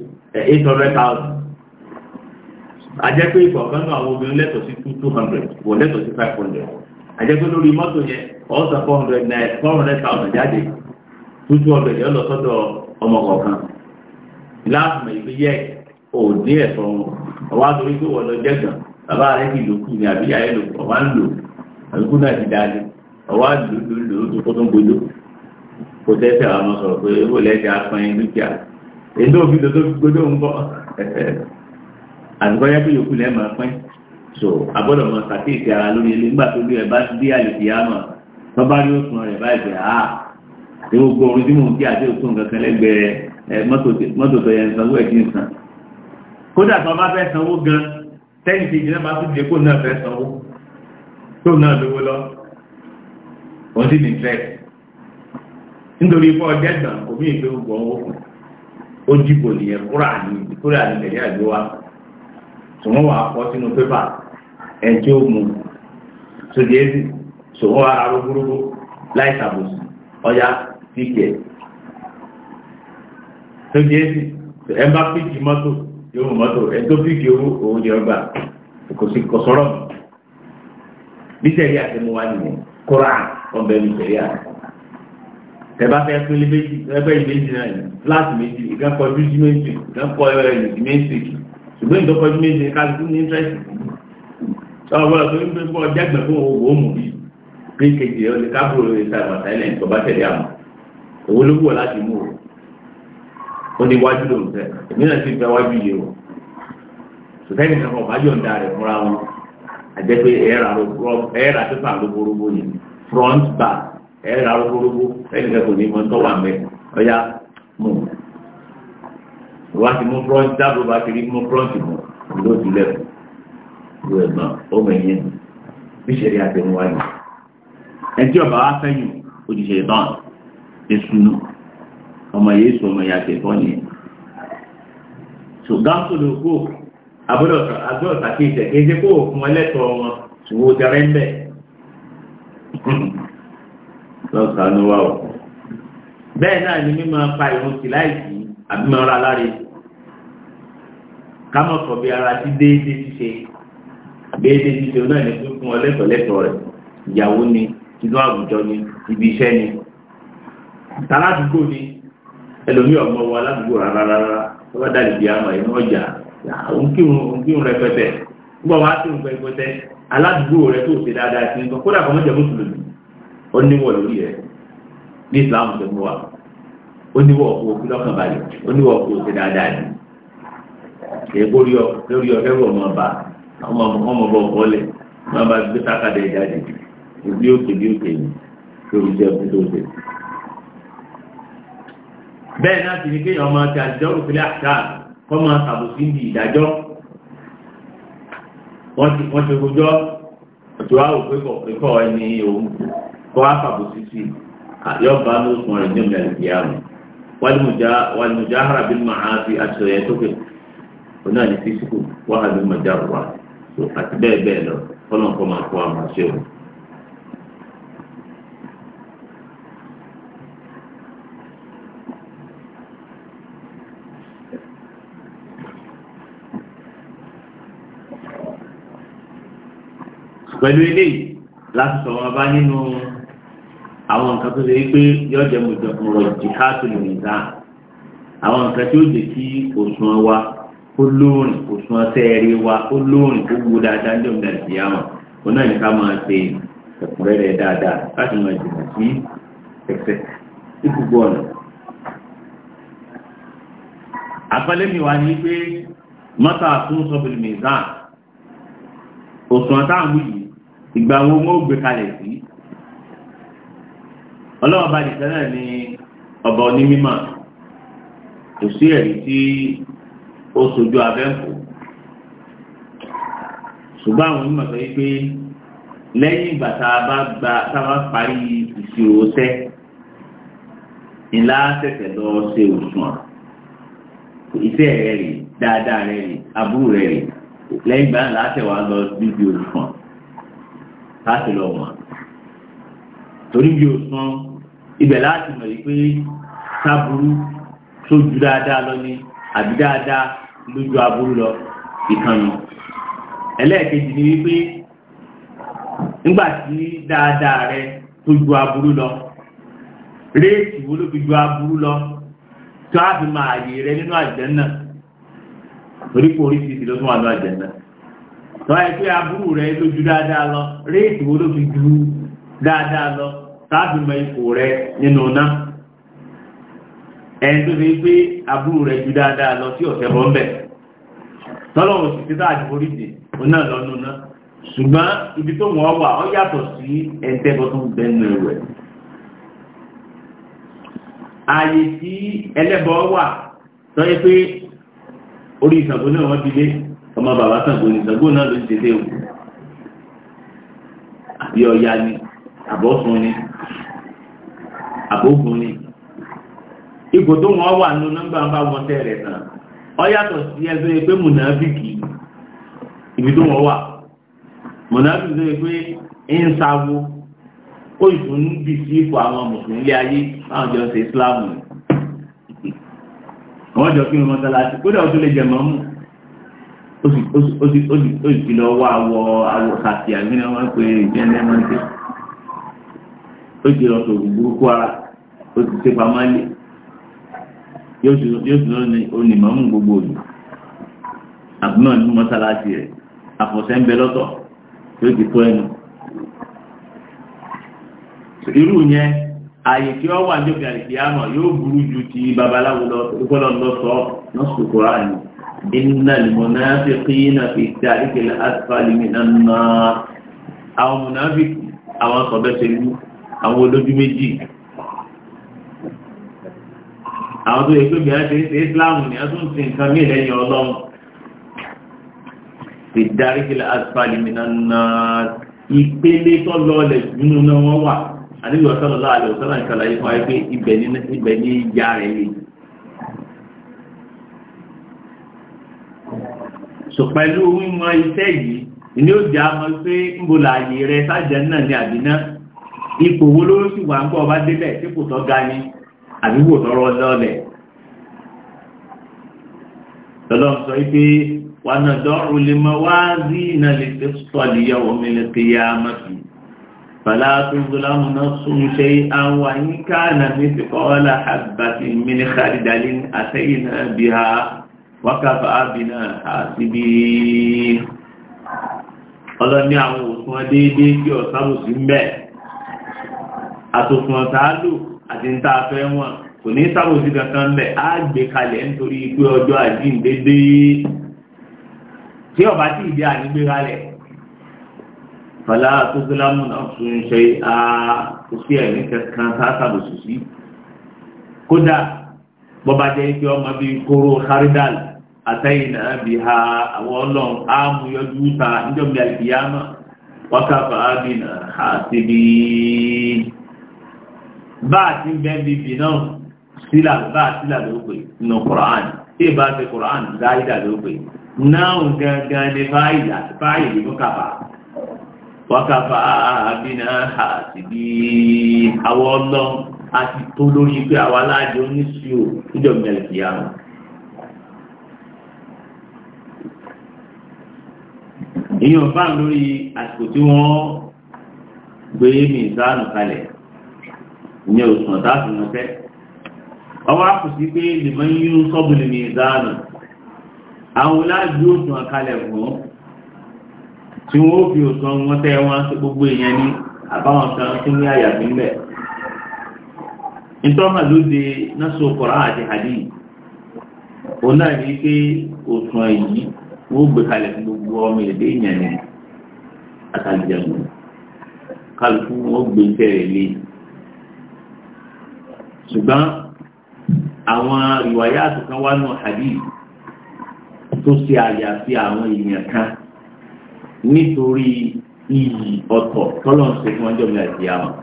eight hundred thousand ajẹ́ pé ìkọ̀ọ̀kan náà àwọn obìnrin lẹ́tọ̀ọ́ sí two two hundred wọ̀ lẹ́tọ̀ọ́ sí five hundred ajẹ́ pé lórí mọ́tò yẹn ọ̀sán four hundred naira four hundred thousand jáde two two hundred yẹn lọ sọ́dọ̀ ọmọ kọ̀ọ̀kan láàmú ìgbé yẹ òní ẹ̀fọ́ wọn ọwọ́ àtòrí pé wọ́n lọ jẹ́gàn bàbá rẹ̀ kì ló kù ní àbíyá yẹn lò ọ̀wá ń lò àbíkú náà ti dáadé ọwọ́ àlùlù lò ó tó kó tó ń gbójú kò tẹ́ fẹ́ àwọn sọ̀rọ̀ pé owó lẹ́jà pẹ́yìn dúkìá èdè òfin tó tó gbódò ń bọ́ àgbọ́yá tó yòókù lẹ́mọ̀ pín so agbọ́dọ̀ mọ sàkéèsì ara lórí ilé nígbà tó bí ẹ bá dé àlèkè àmọ̀ tó bá rí òsùn rẹ̀ báyìí pé àá ní gbogbo orin tí mò ń kí àti òsùn kankan lẹ́gbẹ̀ẹ́ mọ́tò tó yẹn sanwó ẹ̀ kí n san kódà tó bá fẹ́ sanwó gan tẹ́yìn kejì náà bá tún dé kó náà fẹ́ sanwó tó náà lówó lọ òun sì ní fẹ́ nítorí fọ́ ọjọ́ ìgbà kò mí ìgbé ó jìbò nìyẹn kúrà ní kúrà ní nàìjíríà gbé wa sòwọ́n wà á kọ́ sínú pépà ẹ̀ tí ó mú sódì èdè sòwọ́n ara ló gbúrúgbú láì sàbòsì ọjà píkì ẹ̀ sódì èdè ẹ bá píkì mọ́tò yóò mú mọ́tò ẹ tó píkì owó owó jẹ ọgbà kò sí kò sọ̀rọ̀ mi bí sẹ́yìn àti mo wá nìyẹn kúrà ọ̀bẹ mi sẹ́yìn àti tẹ̀bá fẹ́ pínlẹ̀ méjì ẹgbẹ́ ìméjì náà fúláàtì méjì ìgbẹ́kọ̀ jújú méjì ìgbẹ́kọ̀ ẹ̀rẹ̀dì méjì ṣùgbọ́n ìdọ́kọ̀ jújú méjì kálukú ní íńtẹ́sì ọgbọ́n tó ń gbé bọ́ jẹ́gbẹ̀ fún owó mú bí pé kejì ọdí kábùrò ìta ìbàtà ilẹ̀ tó bá tẹ̀lé àmọ́ owó ló wọ̀ láti mú o ní wájú ló ń fẹ́ èmi náà sì fẹ́ wájú yìí o sùtẹ́nì kan ọba yọ̀ǹda rẹ̀ fúnra wọn àjẹpé ẹ̀rà tó fà lóboróbó yìí front back ẹ ra rúgbúrúgbú ẹnìkan kò ní mọ tó wà mẹ ọyá mú wá ti mú prọ́ǹtì dábò bá ti rí mú prọ́ǹtì mú ló ti lẹ́kùn ló ẹ̀ mọ́ ó mọ ẹ̀yẹ bí ṣe rí àtẹnu wáyé ẹtí ọba wa fẹ́yìn òjìṣẹ́ ìtàn èṣù ọmọ yìí sọ ọmọ yàtẹ̀ tọ́ nìyẹn so gáàsù ló kó àbúrò àgbọ̀ọ̀ta kí ìṣẹ̀kéjẹ́ kó òkun ẹlẹ́tọ̀ọ́ wọn ṣùgbọ́n ó jẹrẹ lọ́sàánú wa o bẹ́ẹ̀ náà ni mímọ pa ìrun sí láìsí àbí mọ ara láre kámọ̀ kọ̀ bí ara ti déédéé ṣíṣe déédéé ṣíṣe náà ní fún ọ lẹ́tọ̀ọ́ lẹ́tọ̀ọ́ rẹ̀ ìyàwó ni inú àwùjọ ni ibi iṣẹ́ ni tàládùúgbò ni ẹlòmí ọmọ wa aládùúgbò rárá rárá tó bá dàbí bí àmọ́ inú ọjà òǹkírun rẹpẹtẹ gbọ́ wá sí òǹkírun rẹpẹtẹ aládùúgbò rẹ tó ṣe dáadáa sí nǹkan kódà kọ́mọ́jọ́ mùsùlùmí
onu níwọ̀ lórí rẹ̀ ní islam tó mú wa ó níwọ̀ òkú lọ́kàn balẹ̀ ó níwọ̀ òkú dáadáa
ni ọ lórí ọ kẹ́rù ọmọ ọba ọmọ ọmọ ọba ọkọ máa bá gbé sákàdé jáde ìbí òkè bí òkè ni o tó ṣe. bẹ́ẹ̀ náà sì ni kéèyàn máa ti àjọ òfìlẹ̀ àṣà kọ́ máa tàbùsí ní ìdájọ́ wọ́n ti fojú ọ̀tọ̀ àwòkẹ́kọ̀ọ́ ẹni kọ́ àfàbò títí
yọba ní oṣù rẹ̀ ní ìlànà ìyàwó
wàlùmùjá hara bí màá fi aṣọ yẹn tó kẹ́
oní àyè físíkù wàhà bí màjá wà àti bẹ́ẹ̀ bẹ́ẹ̀ lọ fọlọ́n kọ́ máa kọ́ àwọn àṣẹ wọn.
pẹ̀lú eléyìí láti sọ̀rọ̀ bá nínú àwọn nǹkan tó ṣe é pé yóò jẹ́ mọ̀rọ̀ jihadu lè ní sáà
àwọn nǹkan tí ó jẹ́ kí òṣùwọ̀n wa
ó lóòrìn òṣùwọ̀n sẹ́ẹ̀rẹ̀ wa ó lóòrìn ó wú dáadáa ní òmìnira ìdí àwọn òun náà ní ká máa ṣe ẹ̀kúnrẹ́rẹ́ dáadáa láti máa jìnnà sí ẹ̀fẹ́ sí gbogbo ọ̀nà. àpẹẹlẹ́mì wa ní pé mọ́tà tún sọ́bìlì mìíràn òṣùwọ̀n táwọn yìí ìgbà wo wọ́n ó gbé kalẹ̀ sí ọlọ́wọ́ bá nìkan náà ni ọba onímọ̀ kò sí ẹ̀rí tí ó sojú abẹ́ǹkù ṣùgbọ́n àwọn onímọ̀ sọ wípé lẹ́yìn ìgbà tá a bá gba tá a bá parí ìṣirò tẹ́ ńlá tẹ̀tẹ̀ lọ ṣe òṣùwọ̀n iṣẹ́ rẹ̀ rè dáadáa rẹ̀ rè àbúrò rẹ̀ rè lẹ́yìn ìgbà ńlá tẹ̀wá lọ níbi òṣùwọ̀n láti lọ wọ̀n torí bí òṣùwọ̀n. ibẹ̀ láti mọ̀ wípé sábúrú tó ju dáadáa lọ ni àbí dáadáa lójú aburú lọ ìkànnì ẹlẹ́ẹ̀kejì ni wípé nígbà tí dáadáa rẹ tó ju aburú lọ réètì wo ló fi ju aburú lọ tó a fi máa yè rẹ nínú àjẹ́nà torí pé oríṣiríṣi ló tún wà ní àjẹ́nà tọ́ ẹ pé aburú rẹ ló dáadáa lọ réètì wo ló fi ju dáadáa lọ táàbì mọ ipò rẹ nínú náà ẹni tó ṣe pé aburú rẹ ju dáadáa lọ sí ọ̀sẹ̀ bọ́ ńbẹ̀ tọ́lọ́wọ́ sì ti táàbì oríṣi òun náà lọ́nu náà ṣùgbọ́n ibi tó wọ́n wà ó yàtọ̀ sí ẹ̀ńtẹ́bọ̀ tó ń bẹ́nu rẹ̀ ààyè tí ẹlẹ́bọ̀ wà tọ́ yẹ pé orí ìṣàgbó náà wọ́n ti dé ọmọ bàbá ṣàgbó ní ìṣàgbó náà ló ti dé o àbí ọ̀ya ni àbọ̀sùn ni àbógun ni ipò tó wọ́n wà nínú nọ́mbà bá wọn tẹ̀rẹ̀ náà ọ yàtọ̀ sí ẹgbẹ́ pé mùnàfíkì ibi tó wọ́n wà mùnàfíkì tó yẹ pé ń sáwó ó ìfún ń bì sí ipò àwọn mùsùlùmí ilé ayé àwọn jọ ṣe ìsìláàmù wọ́n jọ kí wọ́n mọ́sálásí kódà ó tó lè jẹ mọ́mú ó sì fi lọ wá àwọ̀ àwọ̀ kàtì wọn pé ìjẹ́ ẹ̀mọ́ ìjẹ́ ó ti lọ sọ̀rọ̀ burúkú ara ó ti ṣe pamọ́ lé yóò sì lọ́ni onímọ̀mù gbogbo òní àbúnà ní mọ́sálásí rẹ̀ àfọ̀sẹ́ ń bẹ lọ́tọ̀ tó ti tó ẹnu. irú yẹn ààyè tí ó wà níbi àlìkìyàmọ̀ yóò burú ju ti babaláwo lọ ìfọ́lọ́ lọ sọ lọ́sùn kúránì iná lìmọ̀náfíkìnà fi ti àríkèlè asfali mi náà àwọn mọ̀náfíkì àwọn sọ̀bẹ́sẹ̀ lù àwọn olójú méjì àwọn tó yẹ pé bí a ṣe ń ṣe Islam ni a tún ṣe nǹkan mí lẹ́yìn Ọlọ́run ti darí kí asfali minanna ìpele tó lọlẹ̀ nínú náà wọ́n wà àdébí ọ̀sán lọ́la àlẹ́ ọ̀sán náà ṣàlàyé fún wa pé ibẹ̀ ní ìyá rẹ̀ yìí. sọ pẹ̀lú mímọ iṣẹ́ yìí ni ó jẹ́ àmọ́ pé ń bo làyè rẹ sájà náà ní àbíná ipò wo ló sì wà ń gbọ́ ọba débẹ̀ tí kò tọ́ ga ni àbí kò tọ́rọ lọ́lẹ̀ lọ́lọ́run sọ pé wà náà dọ́rù lè mọ wá sí iná lè fi sọ́ọ̀lì yọ omi lè fi yá mọ́tì fàlà tó gbọ́lámù náà sún ṣe àwọn àyíká náà ní fi kọ́ọ́lá àgbàtì mìíní kàdídàlí àtẹ́yìn náà bí ha wákàfà ábìnà àtibí ọlọ́ni àwọn òsùn déédéé kí ọ̀sáwùsí ń bẹ́ẹ̀
àtòsùn tààlù àti ń tà fẹ́ wọn kò ní sábòsí kankan bẹ̀ á gbé kalẹ̀ nítorí pé ọjọ́ àjíǹde dé
tí ọba tí ìdí ànígbé kalẹ̀ fàlà àtòsílámù náà tún ṣe à kò sí ẹ̀mí kankan sábòsí sí kódà
bọ́bá jẹ́ pé ọmọ bíi kóró kárídàlì àtẹ́yìn náà bí ha àwọn ọlọ́run á mú yọjú ta níjọ́ bí àìkìyàmọ́
wákàtà ábìnà àti bíi bá a ti ń bẹ́ bíbí náà sílà bá a sílà ló pè nínú Quran tí ì bá ti Quran záídà ló pè náà gangan ni fáìlì àti fáìlì ló kàfà wákàfà àbínà àtìbí àwọn ọlọ́run àti tó lórí pé àwa aláàjọ oníṣòwò níjọ mẹ́lìkì àrùn. èèyàn bá lórí àsìkò tí wọ́n gbé mi ìdánù kalẹ̀ ìyẹn òṣùwọ̀n táàfì wọn fẹ́ ọwọ́ àkùsí pé lèmọ́ yíyún sọ́bùlì ní ìdáàlù àwọn oláàjú òṣùwọ̀n kalẹ̀ fún tí wọ́n fi òṣùwọ̀n wọn tẹ́ wọn sí gbogbo èèyàn ní àbáwọn kan tó ní àyà fi ń bẹ̀ nítorí lóde násù kọ̀rọ̀ àti hadi òun náà ní pé òṣùwọ̀n wọ́n gbé kalẹ̀ fún gbogbo ọmọ èdè ìyẹn ní kálukú wọ́n gbé tẹ̀lé ṣùgbọ́n àwọn ìwàyà àtúnkàn wà nù hadith tó ṣe àyàfi àwọn èèyàn kan nítorí iyì ọ̀tọ̀ tọ́lọ̀ ń ṣe fún ọjọ́ mi àti àwọn.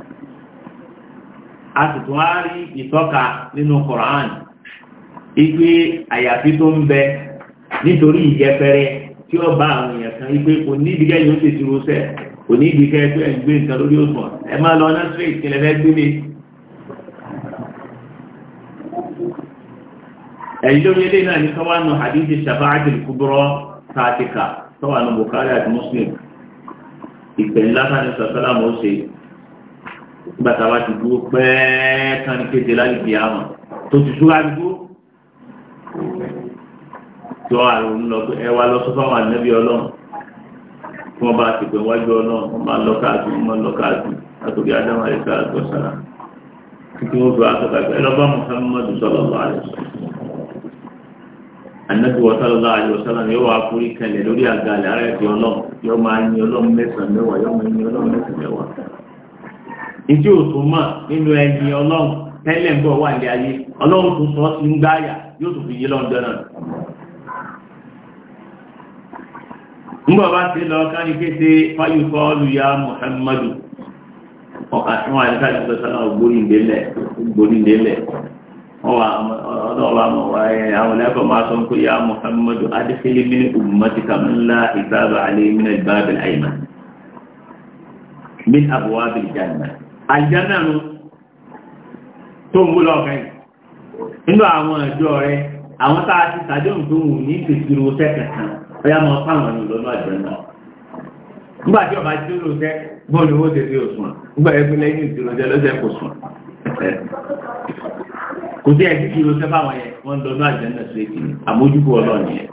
a sì tún á rí ìtọ́ka nínú Koran ipe àyàfi tó ń bẹ nítorí ìjẹpẹrẹ tí ó bá àwọn èèyàn kan ipe kò ní ìdíkẹ́ yóò ṣèṣirò sẹ́ẹ̀ kò ní ìdíkẹ́ pé ẹ̀ ń gbé nǹkan lórí òṣùwọ̀n ẹ máa lọ náà straight kí lè fẹ́ gbé mi ẹ̀yìn lórí ilé náà ní sọ́wọ́nù hadithi shafa'atul kubra tààtìkà sọ́wọ́nù Bukhari àti Muslim ìpẹ̀lú lásán ní sọ́sọ́lámù ó ṣe gbàtà wa ti dúró pẹ́ẹ́ kan ní kéde lálùbí àmọ́ tó ti súra dúró tí wọ́n àrùn ń lọ ẹ wá lọ sọ́fà wà nẹ́bí ọlọ́run tí wọ́n bá ti pè wájú ọlọ́run wọ́n máa lọ káàkiri wọ́n máa lọ káàkiri látòkè ádámù àgbọ̀sára títí wọ́n fi wá sọ́kà ẹ lọ bá Muhammadu sallallahu alaihi wasallam anabi wa sallallahu alayhi wa sallam yóò wá forí kalẹ̀ lórí àga àlẹ́ ara ẹ̀sìn ọlọ́run yóò máa yin ọlọ́run mẹ́sàn-án mẹ́wàá yóò máa yin ọlọ́run mẹ́sàn-án mẹ́wàá. ìdí òtún mọ̀ nínú ẹ̀yìn ọlọ́run tẹ́lẹ̀ ń bọ̀ wà ní ayé ọlọ́run tó sọ ti ń gbáyà yóò tún fi yé lọ́n dáná. ń bọ̀ bá ti lọ ká kété fáyọ̀ kọ́ọ̀lù ya muhammadu ọ̀kà tí wọ́n àyíká ìgbésọ̀lá ògbóni ọlọ́ọ̀bá àwọn ẹ̀kọ́ ya sọ ya ń tó wù ní fáwọn nígbà tí ọba tí ó bọ́ọ̀lù owó tẹ̀lé nígbà ẹgbẹ́ lẹ́yìn kò sùn kò sí ẹ̀sìn kí ló sẹ́ fáwọn yẹn wọ́n ń àjẹ́nà sí èkì àmójúkú ọlọ́ọ̀ni yẹn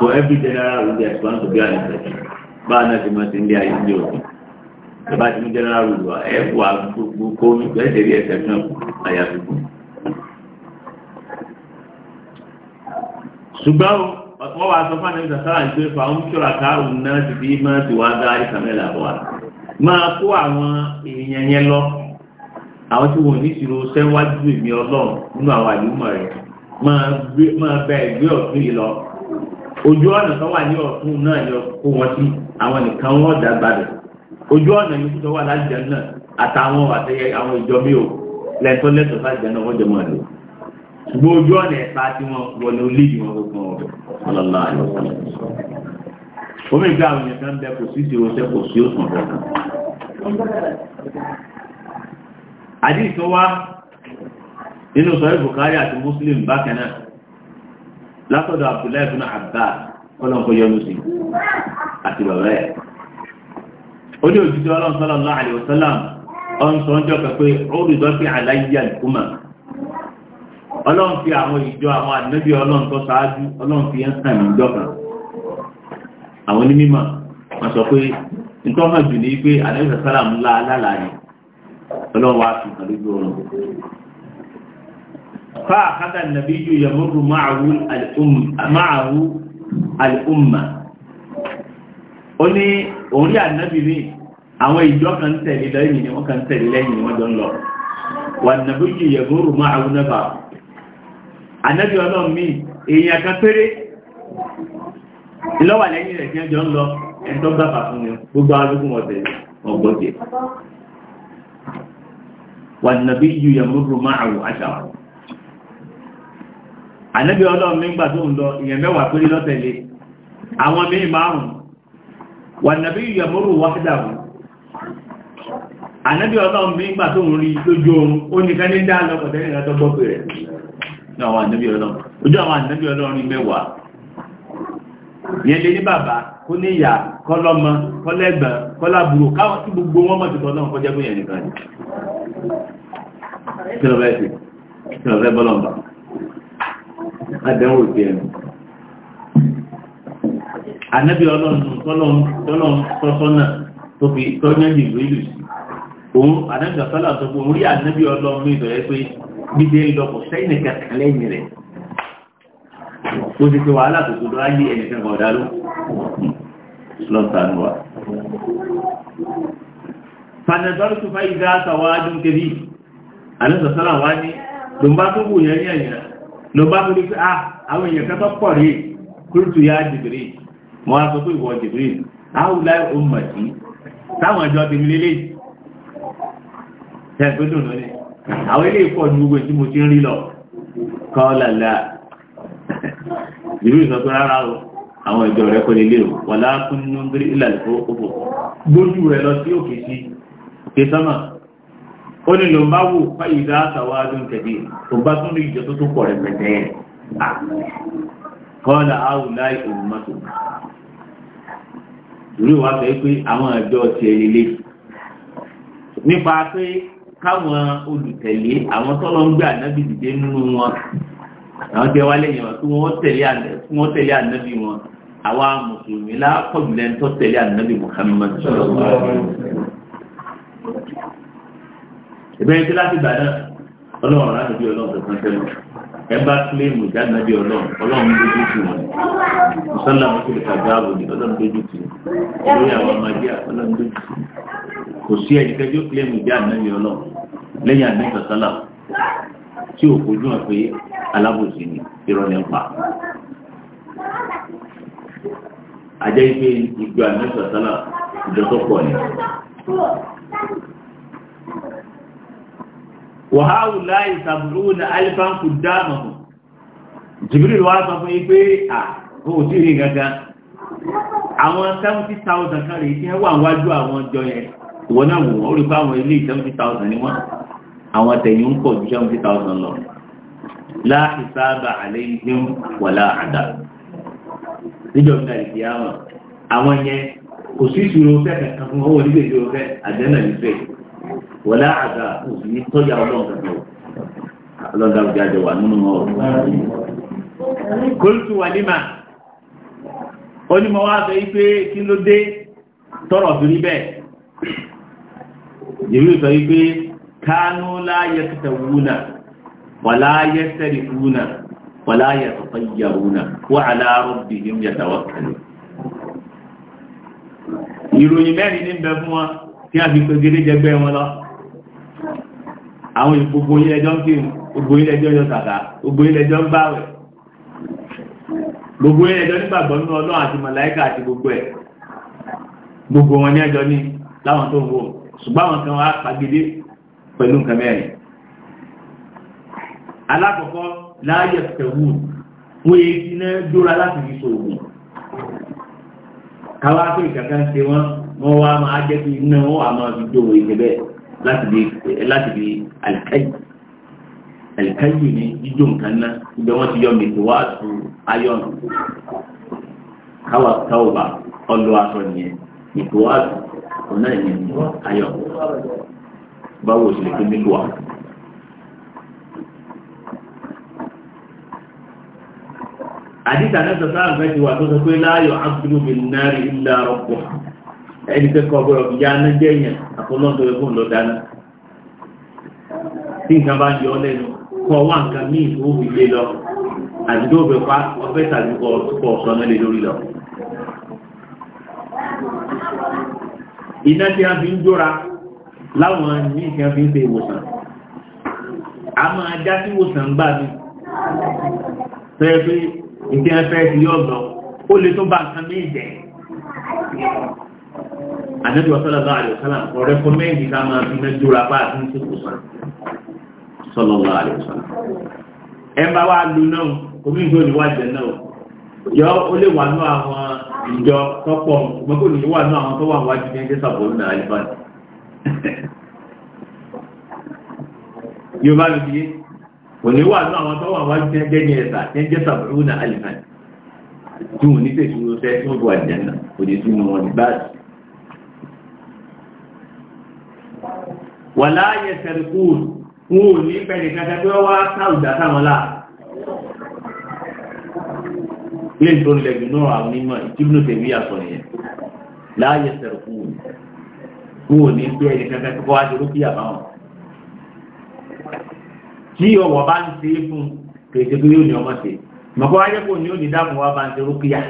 so every general rule is one to be an exception bá a náà ti mọ̀ sí ilé ayé ní òkú ẹ bá ti mú general rule wa ẹ wà gbogbo kó ẹsẹ̀ rí exception àyàfi kù. ṣùgbọ́n wọ́n wá sọ fún àwọn ẹ̀sán sáà ìgbé fa ń ṣọ́ra káàrùn náà ti fi àwọn tí wọn ò ní ìṣirò sẹ́wájú èmi ọlọ́run nínú àwọn àyùmọ̀ rẹ̀ máa bẹ ẹgbẹ́ ọ̀tún yìí lọ ojú ọ̀nà tó wà ní ọ̀tún náà yọ kó wọn sí àwọn nìkan wọn dàgbà rẹ̀ ojú ọ̀nà yìí tó wà lájẹ náà àtàwọn àtẹyẹ àwọn ìjọ mi ò lẹ́tọ́ lẹ́tọ́ lájẹ náà wọ́n jẹ mọ́ ẹ̀lú ṣùgbọ́n ojú ọ̀nà ẹ̀ta tí wọ́n wọlé olè yìí wọn gbogbo wọn lọ́la àyọ̀ omi ìgbà àwọn èèyàn kan bẹ kò sí ìṣirò sẹ́kọ̀ọ́ sí òṣùwọ̀n kọ̀ọ̀kan àdí tó wá nínú sọ̀rọ̀ Bukhari àti Muslim bákan náà Abdullahi bin Abbas ọlọ́nkọ yọnu sí àti bàbá ẹ̀ ó ní òjijì ọlọ́run n'ala alaihi wasallam ọ̀n sọ ọjọ́ pẹ̀pẹ́ ọ̀rù ìdọ́sí aláyé àlùkùmà ọlọ́run fi àwọn ìjọ àwọn ànábì ọlọ́run tó ṣáájú ọlọ́run fi ìjọ kan àwọn onímọ̀ wọn sọ pé nítorí ní pé àlẹ́ ọlọ́run wá sí ìpàdé ọ̀rọ̀ fa àkádà nàbí yóò yẹ mọ́rù máàrú al'umma ó ní orí ànábì ní àwọn ìjọ kan tẹ̀lé lẹ́yìn ni wọ́n kan tẹ̀lé lẹ́yìn ni wọ́n jọ ń lọ wà nàbí yóò yẹ mọ́rù máàrú náà ànábì ọlọ́run wànàbí ju yamuru ma'ahu aṣara ànábì ọlọ́run mi ń gbà tó ń lọ ìyẹn mẹ́wàá péré lọ́tẹ̀lé àwọn míì márùn-ún wànàbí ju yamuru wahdahu ànábì ọlọ́run mi ń gbà tó ń rí lójú oorun ó ní ká ní dá lọ́kọ̀ọ́tẹ́ nígbà tó gbọ́ pé ojú àwọn ànábì ọlọ́run ní mẹ́wàá yẹn lé ní bàbá kó ní ìyá kọ́lọ́mọ kọ́lẹ́gbọ̀n kọ́lábùrò káwọn tí gbogbo wọn mọ̀ tìtọ́ náà kọjá bóyá nìkan ni kí lọ bẹ́ẹ̀ sí kí lọ bẹ́ẹ̀ bọ́lọ̀ ń bà adẹ́wò tiẹ̀ nù. ànábì ọlọ́run tọ́lọ́run tọ́sọ́nà tó fi tọ́jú ẹ̀jẹ̀ ìlú ìlú sí òun ànábì ọ̀sọ́là sọ pé òun rí ànábì ọlọ́run ní ìtọ́jú pé gbígbé lọ́kọ̀ sẹ́yìn ó ti pé wàhálà tó tó dọ́ra yé ẹnìkan kan ọ̀dá ló lọ́sàn-án wa. fanadol tó fáyì dá àtàwọn adùn kébì alẹ́sọ̀sọ́là wá ní ló ń bá tó wù yẹn ní ẹ̀yìn ló bá tó rí pé ah àwọn èèyàn kan tó pọ̀ rí kúrútù yá jìbìrì mo wá sọ pé ìwọ jìbìrì áwùlá ummati táwọn ìjọ ti lélẹ̀ tẹ̀ pé dùn lónìí àwọn ilé ìpọ̀ ní gbogbo tí mo ti ń rí lọ kọ́ lálẹ́ ìlú ìsọ̀tò rárá o àwọn ìjọ rẹ̀ kọ́ lélẹ̀ o wà láàkún ní nítorí ìlàlẹ̀ òfò gbójú rẹ̀ lọ sí òkè sí òkè sọ́mà ó ní lòun bá wò fáyìí dá àtàwọn adùn tẹ̀lé tó bá tún ní ìjọ tó tó pọ̀ rẹ̀ pẹ̀tẹ́ kọ́lá áwùláì òmùmọ́tò ìlú wa sọ pé àwọn ìjọ ti ẹ̀ lélẹ̀ nípa pé káwọn olùtẹ̀lé àwọn tọ́lọ́ ń gbé ànábì dìde nínú wọn àwọn jẹ́ wálé yẹn wọn tí wọ́n tẹ̀lé ànábì wọn àwa mùsùlùmí lápọ̀jù lẹ́nu tó tẹ̀lé ànábì Muhammad sallallahu alaihi wasallam. ìbẹ̀rẹ̀ tí láti gbà náà ọlọ́run láti bí ọlọ́run tó kán tẹ́lẹ̀ ẹ bá tilé mùjá nàbí ọlọ́run ọlọ́run lójú tì wọ́n mùsọ́lá wọn kìlì kàgbá àbòdì ọlọ́run lójú tì wọ́n lórí àwọn ọmọdé ọlọ́run lójú tì wọ́n kò sí ẹnikẹ́jọ́ tilé mùjá nàbí ọlọ́run lẹ́yìn àdéhùn tí o fojú hàn pé alábòsí ni irọ́ ní pa. ajẹ́ ipe ìjọ àmẹ́sọ̀ sálà ìjọ tó pọ̀ ni. wàhálù láì sàbùrù ní alifanku dáàmù Jibril wá sọ fún yí pé à kò tí ì rí gangan àwọn seventy thousand kan rèé tí wọ́n wà wájú àwọn ọjọ́ yẹn ìwọ náà wò wọ́n ó rí pé àwọn ilé seventy thousand ni wọ́n àwọn tẹ̀yìn ń pọ̀ ju seventy thousand lọ láti sábà àléhìn wàlá àdá níjọ́ nígbà ìdí àwọn àwọn yẹn kò sí ìṣòro fẹ́ kankan fún owó nígbà ìṣòro fẹ́ àdéhùn ìfẹ́
wàlá àdá kò sí ní tọ́jà ọlọ́run kankan
ọlọ́dà òjá jẹ wà nínú ọ̀rọ̀ kóòtù wà níma onímọ̀ wá bẹ̀ ipé kí ló dé tọ́rọ̀ fi rí bẹ́ẹ̀ jẹ́rú sọ ipé كانوا لا يكتبون ولا yasrifuna ولا yatatayyaruna وعلى ala يتوكلون. yatawakkalun ìròyìn mẹ́rin ní bẹ fún wọn tí a fi pé gẹ́gẹ́ jẹgbẹ́ wọn lọ àwọn ìgbogbo ilẹ̀jọ́ ń kí gbogbo ilẹ̀jọ́ yọ sàkà gbogbo ilẹ̀jọ́ ń báwẹ̀ gbogbo ilẹ̀jọ́ nígbàgbọ́ nínú ọlọ́run gbogbo ẹ̀ gbogbo wọn ní ẹjọ́ ní láwọn tó ń wò kan wá pàgídé pẹ̀lú nǹkan mẹ́rin alákọ̀ọ́kọ́ láàyè pẹ̀wù wọ́n yé kí náà dóra láti fi ṣòwò káwá pé ìkàkà ń ṣe wọ́n wọ́n wá máa jẹ́ kí iná wọ́n wá máa fi dòwò ìṣẹ̀bẹ̀ láti fi àlìkáyì àlìkáyì ni jíjó nǹkan náà ibẹ̀ wọ́n ti yọ mètò wá tu ayọ̀nù káwá káwọ́ bá ọlọ́ aṣọ nìyẹn mètò wá tu ọ̀nà ìyẹn ayọ̀nù báwo ṣe lè pé nílùú àwọn. àdìsá náà sọ sáà fẹ́ ti wà tó sọ pé láàyò ábúrú mi náírà ilẹ̀ ọ̀pọ̀ ẹni tẹ́ kọ́ ọgbọ́rọ̀ ìyá aná jẹ́ èèyàn àfọlọ́ńtò ẹ̀kọ́ ńlọ dáná tí nǹkan bá yọ lẹ́nu kọ́ wá nǹkan míì tó fi lé lọ àti tó fẹ́ pa ọfẹ́ tàbí kọ́ ọ̀sán náà lé lórí lọ. iná tí a fi ń jóra láwọn ní ìṣẹ́ fi ń ṣe ìwòsàn a máa já sí ìwòsàn gbà mí fẹ́ pé ìṣẹ́ fẹ́ sí ọ̀gbọ̀n ó lè tún bá nǹkan mí ìjẹ́ ànábì sallallahu alaihi wasallam ọ̀rẹ́ kọ́mẹ́ǹdì ká máa fi mẹ́jọ́ra bá a ti ń ṣe ìwòsàn sallallahu alaihi wasallam ẹ bá wá lu náà omi ìgbó ni wá jẹ náà yọ ó lè wà ní àwọn ìjọ tọ́pọ̀ mọ́kò ní wà ní àwọn tó wà wájú ní ẹgbẹ́ sàbọ̀lù yóò bá lóbi yé kò ní wà ní àwọn tó wà wájú tí wọ́n jẹ́ ní ẹ̀sà tí wọ́n jẹ́ sàbúrú náà àlìfàn tí wọ́n ní tètè wọ́n fẹ́ tí wọ́n bu àjẹ́nà kò ní sínú wọn ní báàsì. wà láàyè sẹ́ríkùn wọn ò ní pẹ̀lú kankan pé wọ́n wá sáwùdà sáwọn láà. ilé ìtòlẹ́gbẹ̀ẹ́ náà àwọn onímọ̀ ìtìbínú tẹ̀wé àsọ̀ yẹn láàyè sẹ́ríkùn kó o ní pé ẹni kankan tó kọ́ wá ṣerú kíyà báwọn. tí ọwọ́ bá ń ṣe é fún kèsì pé yóò ní ọmọ ṣe mọ̀kọ́ wáyé kò ní òní dáàmú wá bá ń ṣerú kíyà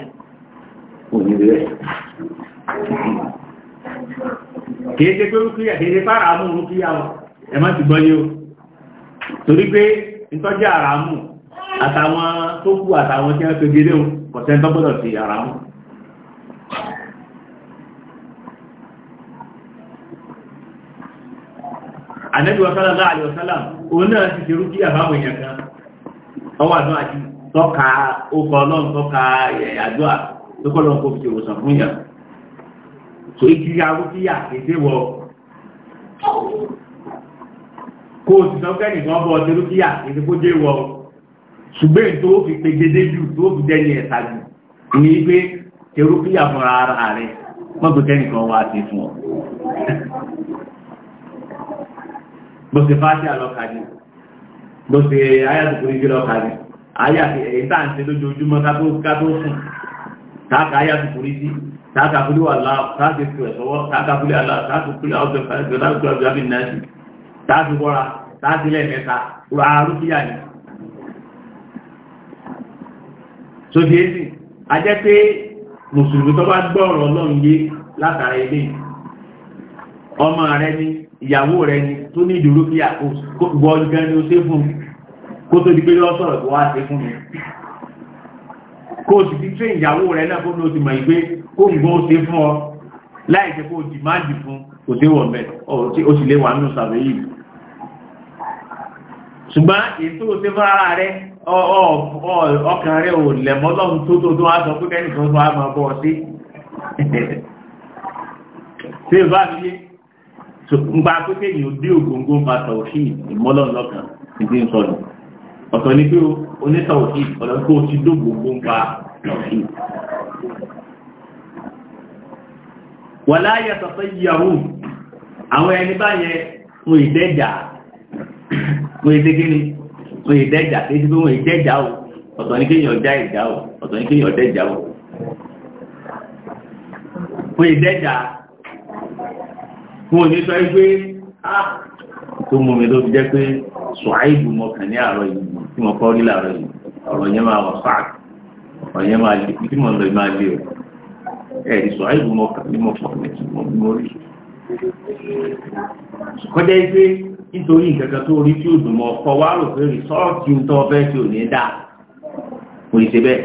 kò ní rẹ̀. kèsì pé rúkíyà kèsì fara mú rúkíyà wọn ẹ má ti gbọ́ yé o torí pé ìtọ́jú àràmù àtàwọn tó kù àtàwọn tí wọ́n fi gédé o kọ̀ṣẹ́ ń tọ́gbọ́dọ̀ àràmù. Ànábì sallallahu alaihi wasallam òun náà ti ṣe rúkí àbáwọn èèyàn kan ọwọ́ àdúrà ti tọ́ka okọ̀ ọlọ́run tọ́ka àdúrà tó kọ́ lọ́n kó fi ṣèwòsàn fún yàn tó ìkiri arúkíyà kéde wọ kó o sì sọ pé nìkan bọ́ ọdún rúkíyà kéde kó dé wọ ṣùgbọ́n tó fi pegedé jù tó fi dẹ́ni ẹ̀ta jù ní pé ṣe rúkíyà fúnra ara rẹ̀ mọ́tò tẹ́nìkan wá sí fún ọ bó ṣe fáṣí àlọ́kàdì bó ṣe ayàtùkúrí jí lọ́kàdì ayàtì ìtàǹtì lójoojúmọ́ kátó sùn tààkà ayàtùkúrí jí tààkà kúlé wà láà tààkà kúlé ẹ̀sọ́wọ́ tààkà kúlé àlá tààkà kúlé àwọn ọ̀gbẹ̀fẹ̀ láàrín ọjọ́ àbí nàájì tààkì bọ́ra tààkì lẹ́ẹ̀mẹ́ta àrùkíyà ni sóde èsì ajẹ́ pé mùsùlùmí tó bá gbọ́ ọ̀rọ̀ ọlọ́run yé látara ilé ọmọ rẹ ni ìyàwó rẹ̀ ni tó ní ìdúró kí àkókò ọjọ́ ni ó ṣe fún mi kó tó di pé lọ sọ̀rọ̀ tó wá ṣe fún mi kó o sì ti tún ìyàwó rẹ̀ náà kó ní o ti mọ̀ ìgbé kó ń gbọ́ ó ṣe fún ọ láì jẹ́ kó o ti máa dì fún kò sí wọ̀ mẹ́ o sì lè wà nínú sàbẹ̀ yìí ṣùgbọ́n ètò òṣè fún ara rẹ̀ ọkàn rẹ̀ ò lẹ̀mọ́ lọ́hùn tó tó tó wá sọ pé kẹ́nìkan tó wá máa bọ́ ọ sí <laughs> ṣé ìbá ngba pépé yìí ó dé ògóńgó ń pa tàwọ̀sí ìmọ́lọ́ọ̀lọ́kan ìdí ń sọnù ọ̀tọ̀ ni pé onítàwọ̀sí ọ̀dọ̀ tó ti dó ògóńgó ń pa tàwọ̀sí. wàlá yàtọ̀tọ̀ yàwó àwọn ẹni báyẹn mo ìdẹ́jà mo ìdẹ́gẹ́ni mo ìdẹ́jà kéjì pé mo ìdẹ́jà o ọ̀tọ̀ ni kéèyàn já ìjà o ọ̀tọ̀ ni kéèyàn dẹ́jà o mo ìdẹ́jà wọn ò ní sọ pé ah! tó mú mi ló fi jẹ́ pé ṣùáìbù mọ̀kàn ní àárọ̀ yìí tí mo kọ́ rí làárọ̀ yìí ọ̀rọ̀ yẹn máa wà fáàk ọ̀rọ̀ yẹn máa lé tí mo lọ máa lé o ẹ̀ ṣùáìbù mọ̀kàn ní mọ̀kàn ní mo rí kọjá pé nítorí nǹkan tó rí tí ó dùn mọ́ wá rò pé rìsọ́ọ̀tì ń tọ́ bẹ́ẹ̀ tí ò ní dá kò ní ṣe bẹ́ẹ̀.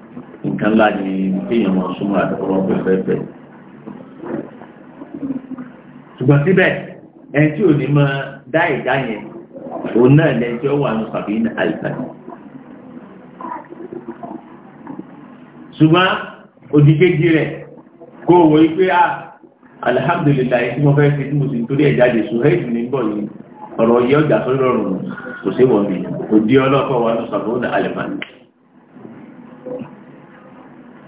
nǹkan ńlá ni kéèyàn máa súnmọ́ àtọ́rọ́ pẹ̀pẹ̀pẹ̀. ṣùgbọ́n síbẹ̀ ẹni tí ò ní máa dá ìdá yẹn òun náà lẹ́jọ́ wà ní sàbíyìn àìsàn. ṣùgbọ́n òdìkejì rẹ̀ kó o wọ ipe a ah, alihamdulilayi tí mo fẹ́ fi tí mo sì ń torí ẹ̀ jáde sùn ẹ̀ẹ́dì ní bọ̀ yìí ọ̀rọ̀ yẹ ọjà tó rọrùn kò sí wọ̀nyí òdi ọlọ́kọ̀ wà ní sàbíyìn àìsàn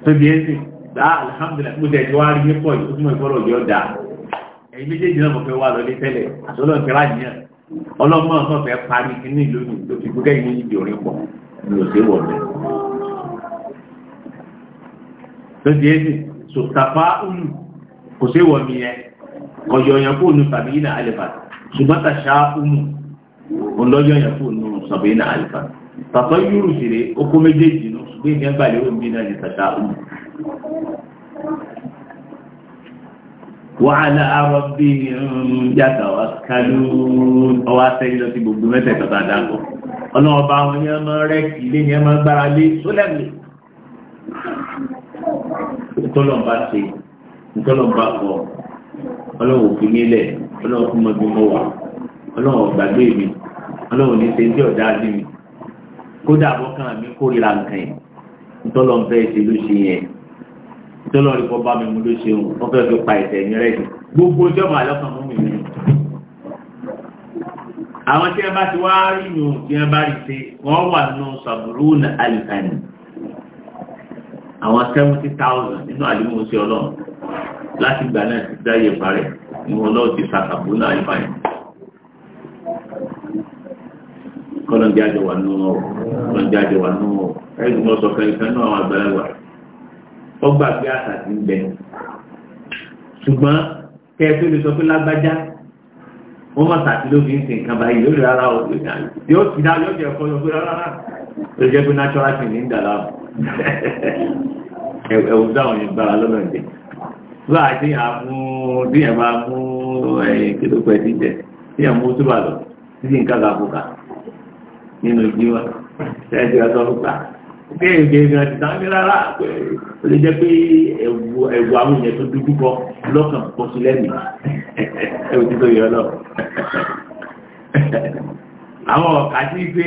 tóbi ẹsìn dá alihamudulilayi mo tẹ̀sí wá rí yé pọ̀ yìí ó túnmọ̀ ìfọ́lọ̀ yọ da ẹ̀yin méjèèjì náà mo fẹ́ wá lọlé tẹ́lẹ̀ àtọ́lọ́ ti rà nìyẹn ọlọ́mọ náà fẹ́ parí kíní lónìí tó fi gbé ìlú yìí dòrin pọ̀ ní òsè wọ̀ mí. tóbi ẹsìn sòtàfà ùlù kò sé wọ̀ mí yẹn kọ̀yọ̀ yẹn kó nu sàbíyìn àlẹ́fà ṣùgbọ́n tàṣà ùmù ọ̀lọ́yọ̀ yẹn tàtọ́ yúrù sí rẹ̀ okó méjèèjì nù gbé ìgbẹ́ gbà lérò bí náà ní tàṣà ọmọ wàhálà àrọ̀ bí yàtọ̀ kálú ọwọ́ àtẹ́yìn lọ sí gbogbo ọ̀nà ọba àwọn yẹn máa rẹ̀ ilé yẹn máa gbára lé sólẹ́mì ìtọ́lọ̀mbá kódà àbọ̀kàn mi kórìíra nǹkan yẹn ntọ́lọ́ ń fẹ́ ṣe ló ṣe yẹn ntọ́lọ́ rí kọ́ bá mi mú ló ṣe òun wọ́n fẹ́ fi pa ìtẹ̀ mi rẹ̀ gbogbo jọba àlọ́kàn mú mi nìyẹn. àwọn tí wọ́n bá ti wá rí mi òun tí wọ́n bá rí ṣe wọ́n wà nù sàbúrúnà àlùfáàní àwọn seventy thousand nínú àdúgbò sí ọlọ́run láti gbà náà ti dáyé parẹ́ ìwọ̀n náà ti sàkàbúrúnà àlùfáàní. ọlọ́run jáde wà nínú wọn ọlọ́run jáde wà nínú wọn ẹ̀rí mo sọ fẹ́ ìfẹ́ náà àwọn àgbàlagbà ó gbà pé àṣà ti ń bẹ ṣùgbọ́n kẹ́ ẹ tó lè sọ pé lágbájá wọ́n máa tàbí ló fi ń sin nǹkan báyìí lórí rárá o yóò ti dá yóò jẹ́ ẹ̀kọ́ yóò fi rárá rárá ló jẹ́ natural thing ń dàlá ẹ̀wù dáwọn yẹn gbára lọ́nà ìdè tó àti àfún tí yẹn bá mú ẹ̀yìn kí ló pẹ́ sí jẹ tí nínú ìgbé wa ṣẹ́ẹ̀sì ọ̀sọ̀ fúnpa ah, kéèyàn kéèyàn ti tán ní rárá pé ó lè jẹ́ pé ẹ̀wù àwọn èèyàn tó dúdú bọ lọ́kàn pọ̀ sí lẹ́nu ẹ̀wù tí tó yọ lọ. àwọn ọ̀kà tí pé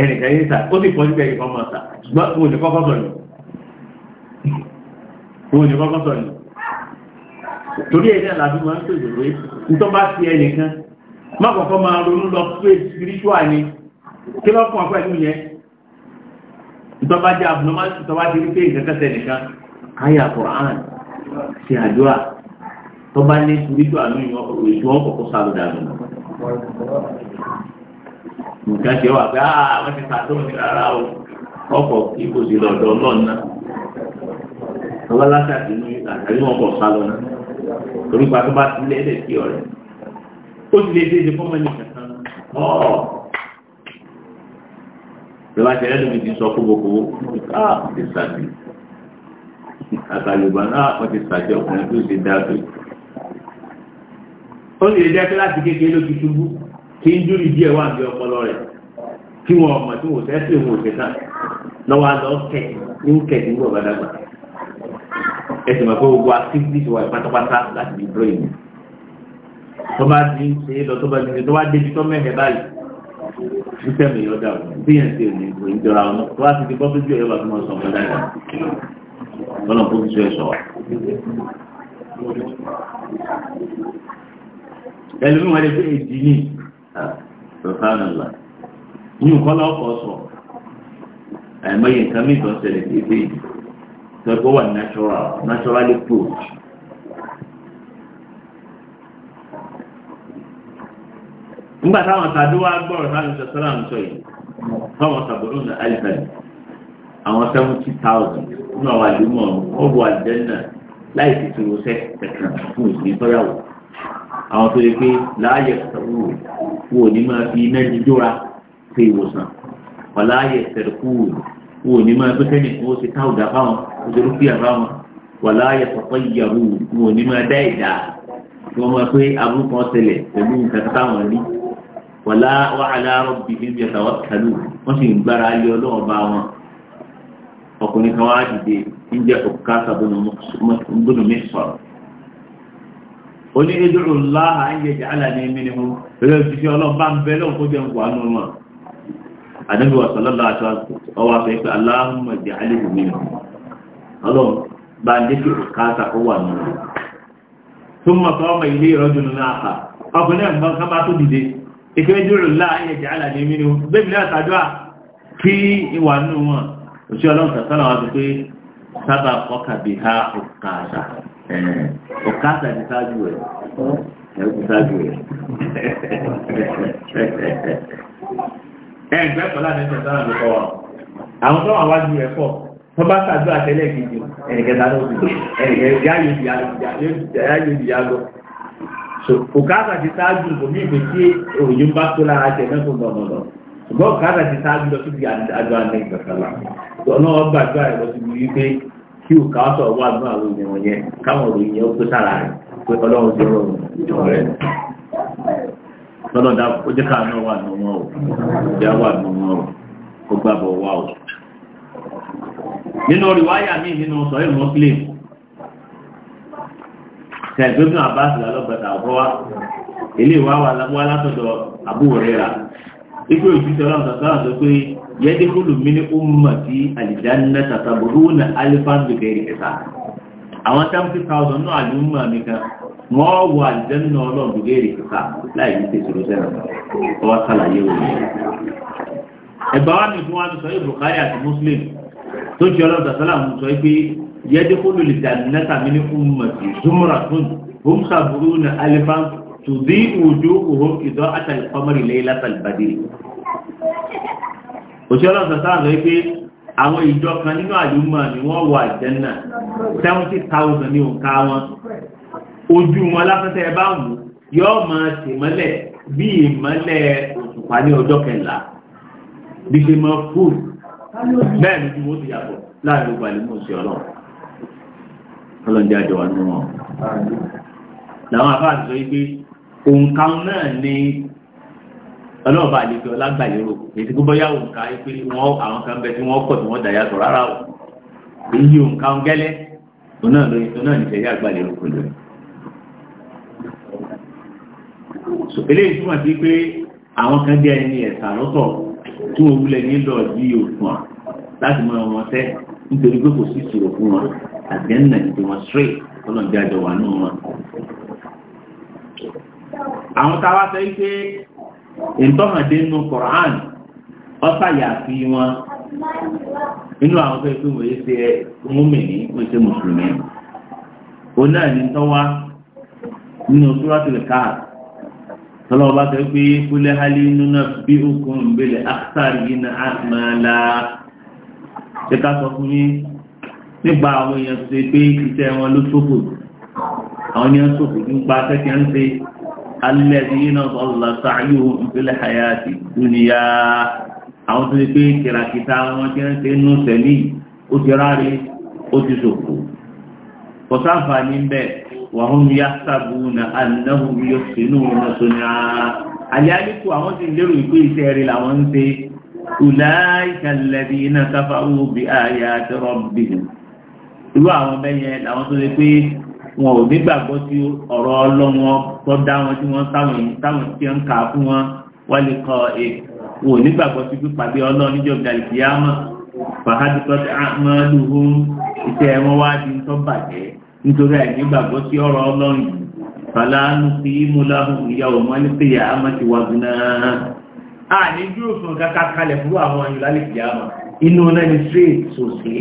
ẹnìkan yìí sà ó sì pọ̀ nípa ẹ̀yìn kan mọ̀ sà ṣùgbọ́n mo ní kọ́kọ́ sọ̀rọ̀ mo ní kọ́kọ́ sọ̀rọ̀ má kọ̀kọ́ máa ronú lọ pé spiritual ni kí lọ́ fún ọ̀pẹ́ ìlú yẹn ìtọ́bá jẹ́ abnormality tọ́bá ti rí pé ìkẹ́kẹ́sẹ̀ nìkan káyà Quran ṣe àdúrà tọ́bá ní spiritual ní ìṣú ọkọ̀kọ́ sáré nù nǹkan ṣe wà pé ah, àà wọ́n ti sàtó ní rárá o ọkọ̀ ipò sí lọ́dọ̀ ọlọ́ọ̀nà tọ́bá látàkì ní àtàrí wọn kọ̀ sálọ náà torí pa tó bá ti lẹ́ẹ̀dẹ̀ ọ̀rẹ́ ó ti lè dé ìdí fún mẹ́lì kankan ọ́ lọ́wọ́ àti ẹ̀rẹ́ lómi ti sọ fún gbogbo ká ti sàbí àtàlùbà náà wọ́n ti sàbí ọkùnrin tó ṣe dá tó ó lè jẹ́ pé láti kékeré ló ti ṣubú kí ń dúró díẹ̀ wà bí ọpọlọ rẹ̀ kí wọ́n mọ̀ tí wọ́n fẹ́ pè wọ́n ṣe lọ́wọ́ àlọ́ kẹ̀kì ní kẹ̀kì ń bọ̀ bàdàgbà ẹ̀sìn mọ̀ pé gbogbo activities wà pátápátá láti di brain tó bá ti ṣe lọ tó bá ti ṣe tó wá débi tó mẹ́fẹ̀ báyìí ń tẹ̀mí ọjà bíyàn sí òní kò ọ̀nà tó wá ti di bọ́fíjú ẹ̀yọ́ bá tó mọ̀ sọ̀kan dáadáa lọ́nà kó fi sọ ẹ̀ sọ̀rọ̀. ẹlòmíì wọn lè fi èdè ní sọ̀tánàlá ní nǹkan lọ́kọ̀ sọ àìmọye nǹkan mìíràn ṣẹlẹ̀ sí èdè yìí tó wà nígbà táwọn tàbí wá gbọ́rọ̀ táwọn sọ sọ́lá ń sọ yìí táwọn sàbòrò ní alifẹ̀n àwọn seventy thousand nínú àwọn àdúmọ̀ ọ̀bù àjẹ́nà láì fi tìrò sẹ́ tẹ̀kàn fún ìsìn tọ́yàwó àwọn tó lè pé láàyè sọ̀rọ̀ wò ní máa fi iná jíjóra ṣe ìwòsàn wàláyè sẹ̀rẹ̀kù wò ní máa tó kẹ́ni tó ṣe táwùdà fáwọn òṣèlú fìyà fáwọn wàláyè pọ̀pọ̀ ìyàwó wò ní máa dá ìdá wọ́n máa pé abúkan ṣẹlẹ̀ pẹ̀lú nǹkan táwọn rí wàlá wàhálà rọ̀bì níbi ẹ̀sàwọ́ kàlù wọ́n sì ń gbára lé ọlọ́wọ́ bá wọn ọkùnrin kan wá dìde ń jẹ́ òkúta sàbọ̀nù mẹ́sọ̀rọ̀ ó ní ẹjọ́rò láhà ń yẹ jàálà ní mímú pẹ̀lú ìfisí ọlọ́ọ̀bá ń bẹ lọ́wọ́ kó jẹ́ ń wà nínú wọn àdébí wa sọlọ́lá àti ọwọ́ afẹ́ pé aláhùnmọ̀ jàálì jẹ́ kí òkúta ó wà nínú wọn. tó ìfẹ́ jùlọ láàrin ẹ̀jẹ̀ alàdé mínú bẹ́bí náà tàjọ́ à kí ìwà nínú wọn òṣì ọlọ́run tàtàlà wá pé sábà ọkàbí ha ọkàṣà ọkàṣà ti sáájú rẹ̀ ẹ̀kú sáájú rẹ̀ ẹ̀gbẹ́ pọ̀lá ní tàtàlà ló kọ́ wa àwọn tó wà wájú rẹ̀ pọ̀ tó bá tàjọ́ àtẹ́lẹ̀ kejì ẹnìkẹta òkàtà ti sáájú ìbòmí ìpè tí òòyìn bá tó lára jẹ náà fún gbọmọlọ ṣùgbọ́n òkàtà ti sáájú lọ síbi àjọ alẹ́ ìgbàsálà ọ̀nà ọgbà àjọ àìrọ̀ síbi wípé kí wà nínú àwọn wọn yẹn káwọn yẹn ó sára pé ọlọ́run ti rọrùn ká náà wà nínú wọn o ìjà wà nínú wọn o ó wà o nínú tẹ̀gbẹ́gbẹ́ àbáṣe lọ́gbẹ̀ta ọ̀rọ̀wá ilé ìwà wà látọ̀dọ̀ àbúrò rẹ̀ ikú òjíṣẹ́ ọlọ́run sọ́rọ̀ tó pé yẹ́dí kúlù mí ní ọmọ tí àlìjáná tàtàbùrú na alifáàbùkẹ́ ìrìkẹta àwọn 70,000 náà ló mọ̀ mi kan wọ́n wọ àlìjáná ọlọ́ọ̀dùkẹ́ ìrìkẹta láì ní tẹ̀sùrù sẹ́rọ̀ ọwọ́ sàlàyé òní ẹ̀bá wa mi fún wa sọ ibùkárí àti muslim tó jẹ́ ọlọ́run sọ́rọ̀ sọ pé يدخل الجنة من أمتي زمرة هم سبعون ألفا تضيء وجوههم إضاءة القمر ليلة البدر òṣèlú ọ̀sán rẹ̀ pé àwọn ìjọ kan nínú àlúmọ̀ ni wọ́n wọ àjẹ́nà 70,000 ní òǹkà wọn ojú wọn láfẹ́fẹ́ bá wù yóò mọ̀ sí mọ́lẹ̀ bí ìmọ́lẹ̀ òṣùpá ní ọjọ́ kẹlá bí ṣe mọ́ fún bẹ́ẹ̀ ni ju wọ́n ti yàtọ̀ láàrin ògbàlẹ́mọ̀ òṣèlú ọ̀sán ọlọ́njẹ́ àjọ wa nù wọn. làwọn afáàtì sọ wípé òǹkà náà ni ọlọ́ọ̀bá àlejò ọlágbàlérò èsì gbogbo yà òǹkà pé wọ́n àwọn kan bẹ tí wọ́n kọ̀ tí wọ́n dà yàtọ̀ rárá o èyí òǹkà gẹ́lẹ́ òun náà lóyún tó náà nìṣẹ́ yà àgbàlérò kò lóyún. eléyìí túmọ̀ sí pé àwọn kan jẹ́ ẹni ẹ̀sà lọ́tọ̀ tí wọ́n wulẹ̀ ní lọ́ọ̀ nítorí pé kò sí ìṣòro fún wọn àgbẹ̀nà tí wọ́n ṣe ọlọ́dẹ àjọ wà nù wọn. àwọn táwa sọ wípé ìtọ́hàndé nínú Qur'an ọ̀sà yàtí wọn nínú àwọn fẹ́ pé wòye ṣe múmìnì wòye ṣe mùsùlùmí. òun náà ní tọ́wá nínú Suratul bá ṣe ká sọ fún yín nípa àwọn èèyàn ṣe pé iṣẹ́ wọn ló ṣòfò àwọn èèyàn ṣòfò nípa akẹ́kẹ́ ń ṣe alladhina dhalla sa'yuhum fil hayati dunya àwọn tó ṣe pé kìràkìtà wọn ti ń ṣe nù sẹ́lì ó ti ráre ó ti ṣòfò kò sáfà ní bẹ́ẹ̀ wa hum yahsabuna annahum yuhsinuna sun'a àyálìkù àwọn ti lérò ìpé iṣẹ́ rẹ̀ làwọn ń ṣe ulaika alladhina kafaru bi ayati rabbihim irú àwọn bẹ́yẹn làwọn tó lè pé wọn ò nígbàgbọ́ sí ọ̀rọ̀ ọlọ́wọ́n tó dá wọn tí wọ́n táwọn tí ń kà fún wọn wọ́n lè kọ ẹ̀ e. wọn ò nígbàgbọ́ sí pípàdé ọlọ́run níjọ́ ìdàlìkìyàmọ́ fàhádìtọ́ àmọ́lùhún iṣẹ́ wọn wá di tó bàjẹ́ nítorí àìnígbàgbọ́ sí ọ̀rọ̀ ọlọ́run yìí fàlànù sí múláhùn ìyàwó mọ́lẹ́sẹ̀yà amọ́tiwàgùn náà a ní dúró fún kaka kakalẹ̀ fún àwọn ayò lálẹ́ ìyá inú ni straight sòsí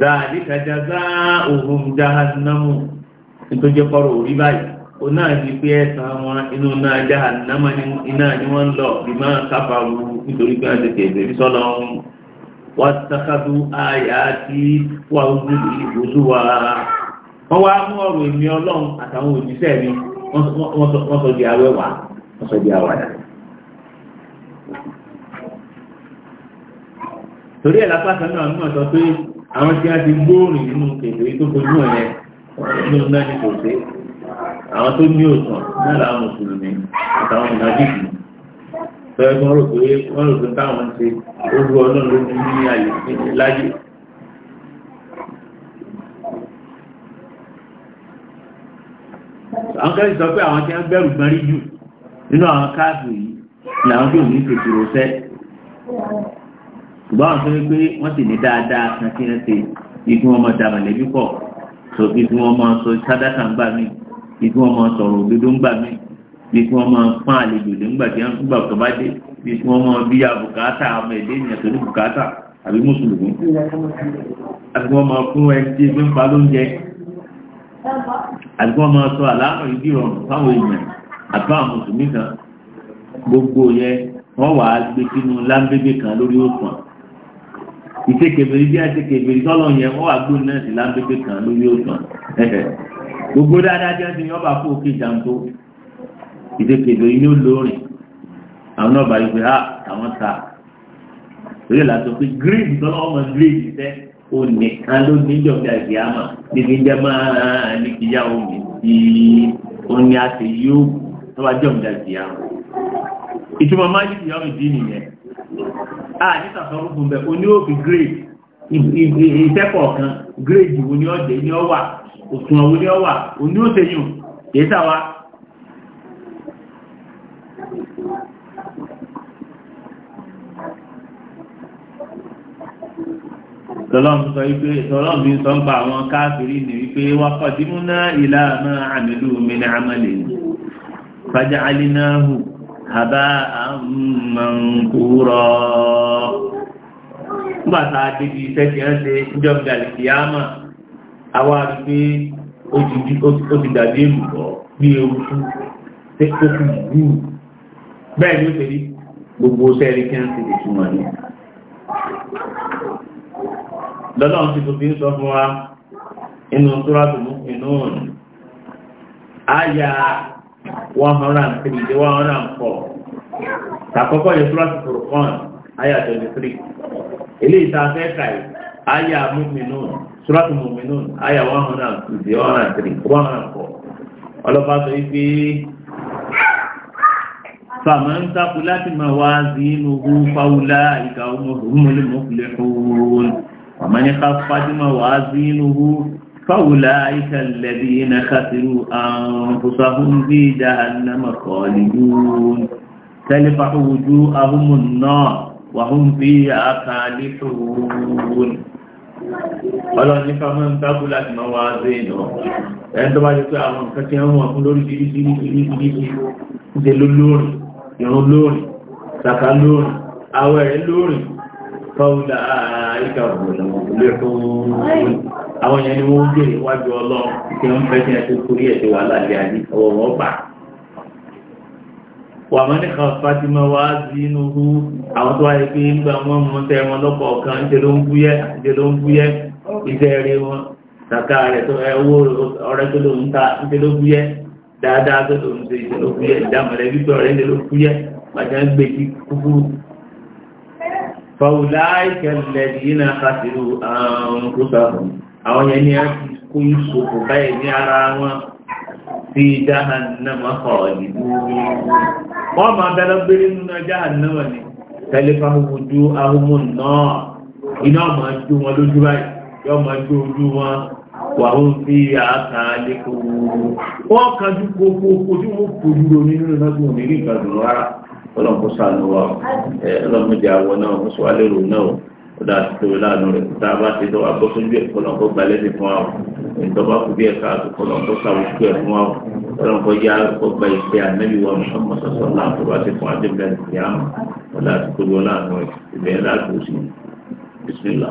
dáadé kàjá zá òhun jahannamu tó jẹ́ kọ́rọ̀ orí báyìí o náà di pé ẹ̀sán wọn inú náà jahannama iná ni wọ́n lọ bí máa sáfàrú nítorí pé wọ́n ti tẹ̀lé sọ́lọ́ wọ́n tàkàdù àyà àti wọ́n wá mú ọ̀rọ̀ ìmí ọlọ́run àtàwọn òjíṣẹ́ mi wọ́n sọ di awẹ́wàá ọ̀sọ́ di àwàdà. torí ẹ̀ lápáta náà mú ọ̀sọ́ pé àwọn tí a ti gbóòrìn nínú kèdè tó fojú ẹ̀ nínú náà ní kò sí àwọn tó ní òsàn náà làwọn mùsùlùmí àtàwọn ìnájìkì tọ́yẹ́ tí wọ́n rò pé wọ́n rò pé táwọn ṣe ó rú ọlọ́run ló ní ní àyè láyè. àwọn kẹ́lí sọ pé àwọn tí wọ́n gbẹ̀rù gbọ́n rí jù nínú àwọn káàdù yìí làwọn tó ní kòkòrò sẹ́ ṣùgbọ́n àwọn tó ń pé wọ́n sì ní dáadáa kan kí wọ́n ṣe igun ọmọ dàmà lẹ́bí pọ̀ so igun ọmọ sọ sádàkà ń gbà mí igun ọmọ sọ̀rọ̀ òdodo ń gbà mí igun ọmọ pọ́n àlejò lè ń gbà kí wọ́n gbà tó bá dé igun ọmọ bí i àbùkátà ọmọ ẹ̀dẹ́ ènìyàn tó ní bùkátà àbí mùsùlùmí àti wọ́n máa fún ẹni tí ebi ń pa lóúnjẹ àbá mùsùlùmí kan gbogbo yẹ wọ́n wà á gbé sínú lámbébé kan lórí òsàn ìṣèkèbèrè bí àṣekèbèrè tọ́lọ̀ yẹn wọ́n wà gbóná sí lámbébé kan lórí òsàn <laughs> gbogbo dáadáa jẹ́ ti yọba fún òkè jàǹtó ìṣèkèbèrè ní olórin àwọn náà bá ìgbé ha ah, àwọn ta lórí ìlàtọ̀ pé gírèdì tọ́lọ̀ ọmọ gírèdì tẹ́ onìkan ló níjọ́ bí àgbéyàmà níbi jẹ́ máa ní kíyàwó mi tí ó ní tó bá jẹ́ òǹdà ìdí àwọn ìtumọ̀ magic yọmi dín nìyẹn a ní sàtọ́rù fún bẹ́ẹ̀ oní òfin grade ìtẹ́kọ̀ọ́ kan grade wo ni ọ̀dẹ̀ ni ọ wà òtún ọ̀wọ́ ni ọ wà oní òṣèyàn kìí sàwà tọ́lọ́mù sọ wípé tọ́lọ́mù sọ ń pa àwọn káàkiri ní wípé wákọ̀dímúná ìlànà àmìlú mi ní àmàlè yìí faja'alnahu haba'an mankura nígbà tá a débi iṣẹ́ ṣe rí pé ó ti dàbí èlùbọ́ bí ewúkú tó kù gbúù bẹ́ẹ̀ ló ṣe rí gbogbo sẹ́ẹ̀rí kí wọ́n ti lè ti ń one hundred three one hundred four tàkọ́kọ́ yẹn sọ́rọ́ àti fòròkàn àyà twenty three eléyìí tá a fẹ́ kà yìí àyà mímínú one hundred one hundred three one hundred four ọlọ́pàá sọ yìí pé fàmọ́nsákú láti máa wá sí inú fáwọlá ìkàwọ́ mọ̀lẹ́mọ̀kùlẹ̀ fún un ọmọ ní ká fájú máa wá sí فأولئك الذين خسروا أنفسهم في جهنم خالدون تلفح وجوههم النار وهم فيها خالدون ọlọ́run nípa mọ́ ń tábù láti máa wá ṣe ìnà ẹni tó bá jẹ́ pé àwọn nǹkan tí wọ́n fún lórí jírí jírí jírí jírí jírí ṣe ló lóòrìn ìrún lóòrìn sàkà lóòrìn àwẹ̀ rẹ̀ lóòrìn fọ́wùlà ìkàwọ̀ lọ́wọ́ lẹ́kọ̀ọ́ àwọn èèyàn ni wọ́n ń béèrè wájú ọlọ́run tí wọ́n fẹ́ sí ẹ̀kọ́ kórí ẹ̀sẹ̀ wà láàrin àní ọwọ́ wọn bà wà mọ́ ní kan Fatima wá sí inú hu àwọn tó wáyé pé ń gba wọn mú tẹ wọn lọ́pọ̀ kan ìṣe ló ń búyẹ́ ìṣe rẹ wọn kàkà rẹ̀ tó ẹwọ́ ọ̀rẹ́ tó ló ń ta ìṣe ló búyẹ́ dáadáa tó ló ń ṣe ìṣe ló búyẹ́ ìdámọ̀lẹ́ wípé ọ̀rẹ́ ìṣe ló búyẹ́ bàjẹ́ ń gbé kúkúrú fàwùláìkẹ́ lẹ́dí náà kásìrò àwọn kúkúrú àwọn yẹn ni a kó ìṣòfò báyìí ní ara wọn sí jahannama khalidun wọ́n máa bẹ́lẹ́ gbére nínú jahannama ni tẹlifà ojú náà iná máa jó wọn lójú báyìí yóò máa jó ojú wọn wà ó fi àáka lẹ́kọ̀ọ́ wọ́n kájú kókó ojú wọn kò dúró nínú náà tó ìgbàdùn rárá kó sànù wa ọlọ́run àwọn náà wọ́n sọ alẹ́ rò kódà tóbi láàánú rẹ̀ tá a bá ti tọ́ abọ́sójú ẹ̀ kọ́lọ́kọ́ gba lẹ́sìn fún wa ìjọba kù bí ẹ̀ka kọ́lọ́kọ́ sàwùjú ẹ̀ fún wa kọ́lọ́kọ́ yá ọgbà ìṣe ànábì wa Muhammad sọ̀sọ́ láàánú wa ti fún adébẹ̀rẹ̀ ìyá mọ̀ kódà tóbi láàánú rẹ̀ ìbẹ̀rẹ̀ láàánú sí bisimilá.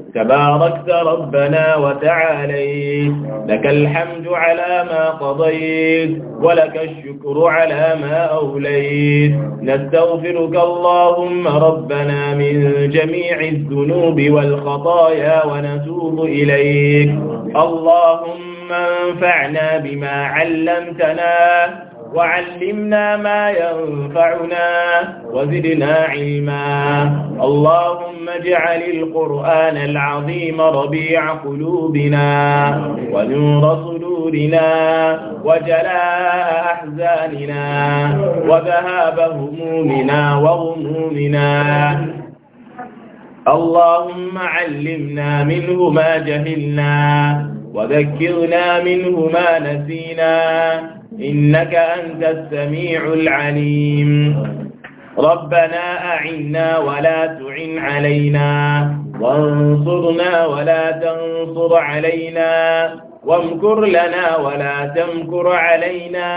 تباركت ربنا وتعاليت لك الحمد على ما قضيت ولك الشكر على ما أوليت نستغفرك اللهم ربنا من جميع الذنوب والخطايا ونتوب إليك اللهم انفعنا بما علمتنا وعلمنا ما ينفعنا وزدنا علما اللهم اجعل القرآن العظيم ربيع قلوبنا ونور صدورنا وجلاء أحزاننا وذهاب همومنا وغمومنا اللهم علمنا منه ما جهلنا وذكرنا منه ما نسينا إنك أنت السميع العليم ربنا أعنا ولا تعن علينا وانصرنا ولا تنصر علينا وامكر لنا ولا تمكر علينا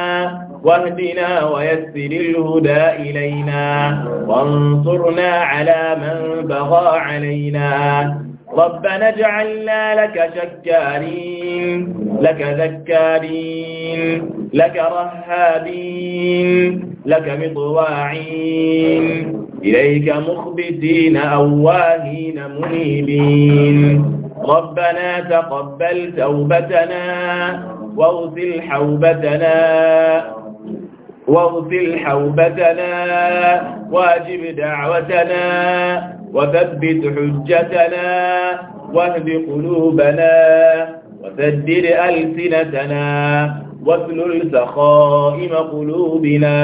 واهدنا ويسر الهدى إلينا وانصرنا على من بغى علينا ربنا اجعلنا لك شكارين لك ذكارين لك رهابين لك مطواعين إليك مخبتين أواهين منيبين ربنا تقبل توبتنا واغسل حوبتنا واغسل حوبتنا واجب دعوتنا وثبت حجتنا واهد قلوبنا وسدد ألسنتنا واسلل سخائم قلوبنا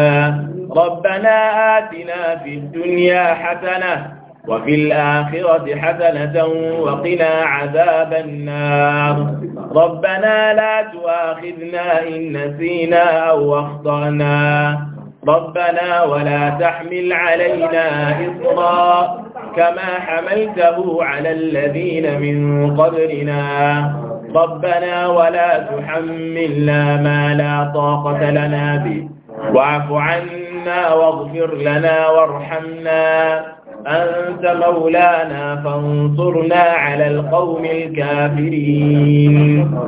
ربنا آتنا في الدنيا حسنة وفي الآخرة حسنة وقنا عذاب النار ربنا لا تؤاخذنا إن نسينا أو أخطأنا ربنا ولا تحمل علينا إصرا كما حملته على الذين من قبلنا ربنا ولا تحملنا ما لا طاقة لنا به واعف عنا واغفر لنا وارحمنا أنت مولانا فانصرنا على القوم الكافرين